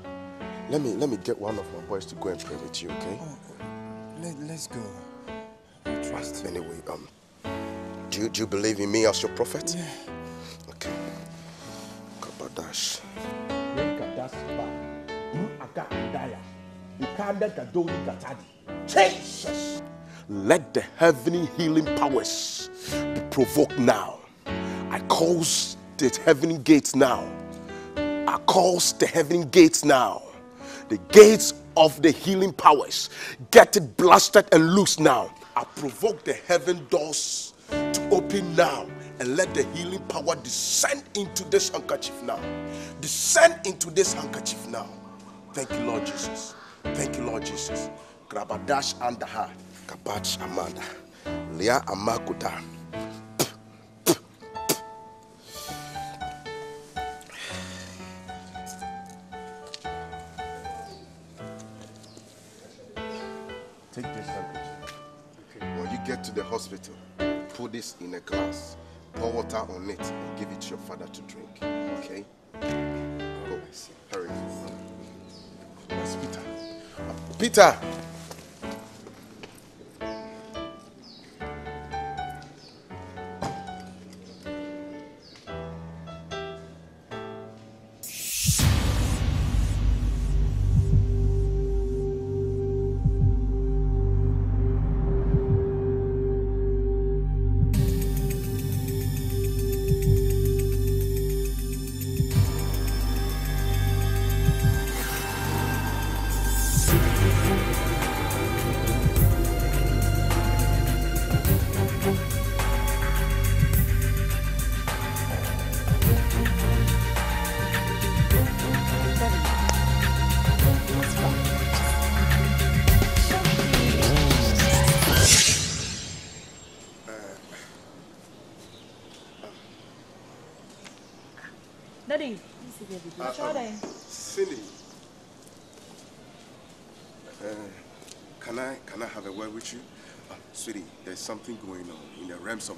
Let me, let me get one of my boys to go and pray with you, okay? Oh. Let, let's go. Trust. Anyway, um, do you, do you believe in me as your prophet? Yeah. Okay. Kabadash. Jesus! Let the heavenly healing powers be provoked now. I cause the heavenly gates now. I cause the heavenly gates now. The gates of the healing powers. Get it blasted and loose now. I provoke the heaven doors to open now and let the healing power descend into this handkerchief now. Descend into this handkerchief now. Thank you, Lord Jesus. Thank you, Lord Jesus. Grab a dash under her. Kabach Amanda, Leah Amakuta. get to the hospital, put this in a glass, pour water on it, and give it to your father to drink. Okay? Go. Hurry. Peter. Peter!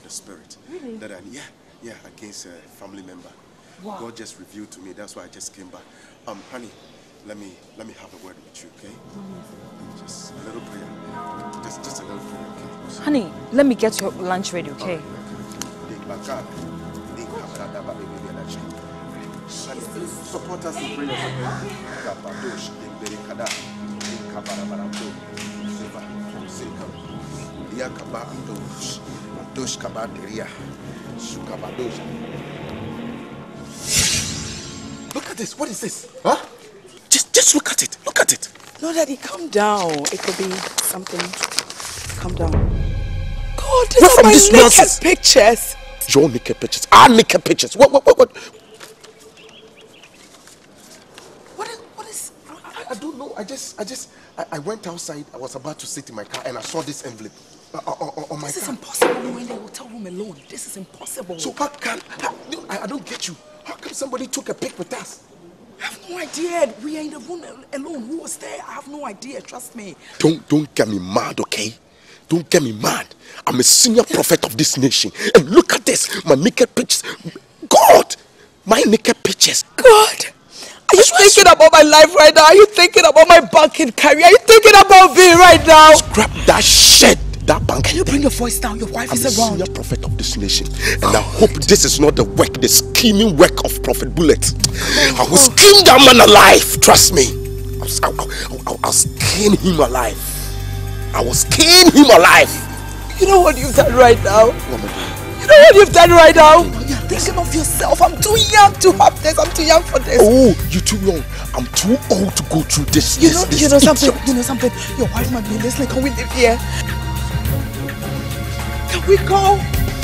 the spirit. Really? That I, um, yeah, yeah, against a family member. Wow. God just revealed to me. That's why I just came back. Um, honey, let me let me have a word with you, okay? Mm. Just a little prayer. Just just a little prayer, okay? So, honey, let me get your lunch ready, okay? Support us in prayer. Kabados Sukabados. Look at this. What is this? Huh? Just just look at it. Look at it. No, Daddy, calm down. It could be something. Calm down. God, these Where are my naked pictures. Your naked pictures. Our naked pictures. What what what what I just, I just, I, I, went outside. I was about to sit in my car and I saw this envelope. Uh, uh, uh, on my this car. is impossible. You're in the hotel room alone. This is impossible. So how can how, I, I don't get you? How come somebody took a pic with us? I have no idea. We are in the room alone. Who was there? I have no idea. Trust me. Don't don't get me mad, okay? Don't get me mad. I'm a senior prophet of this nation. And look at this. My naked pictures. God! My naked pictures. God! Are you thinking about my life right now? Are you thinking about my banking career? Are you thinking about me right now? Scrap that shit. That bank. Can you bring your voice down? Your wife I'm is around. I'm the prophet of this nation. And I hope this is not the work, the scheming work of Prophet Bullet. Oh, I will oh. skin that man alive. Trust me. I'll, I'll, I'll, I'll skin him alive. I will skin him alive. You know what you've done right now? What am I doing? know what you've done right now? Oh, you're thinking of yourself. I'm too young to have this. I'm too young for this. Oh, you're too young. I'm too old to go through this. You know, this, you know something. You know something. Your wife might be listening. Can we live here? Can we go?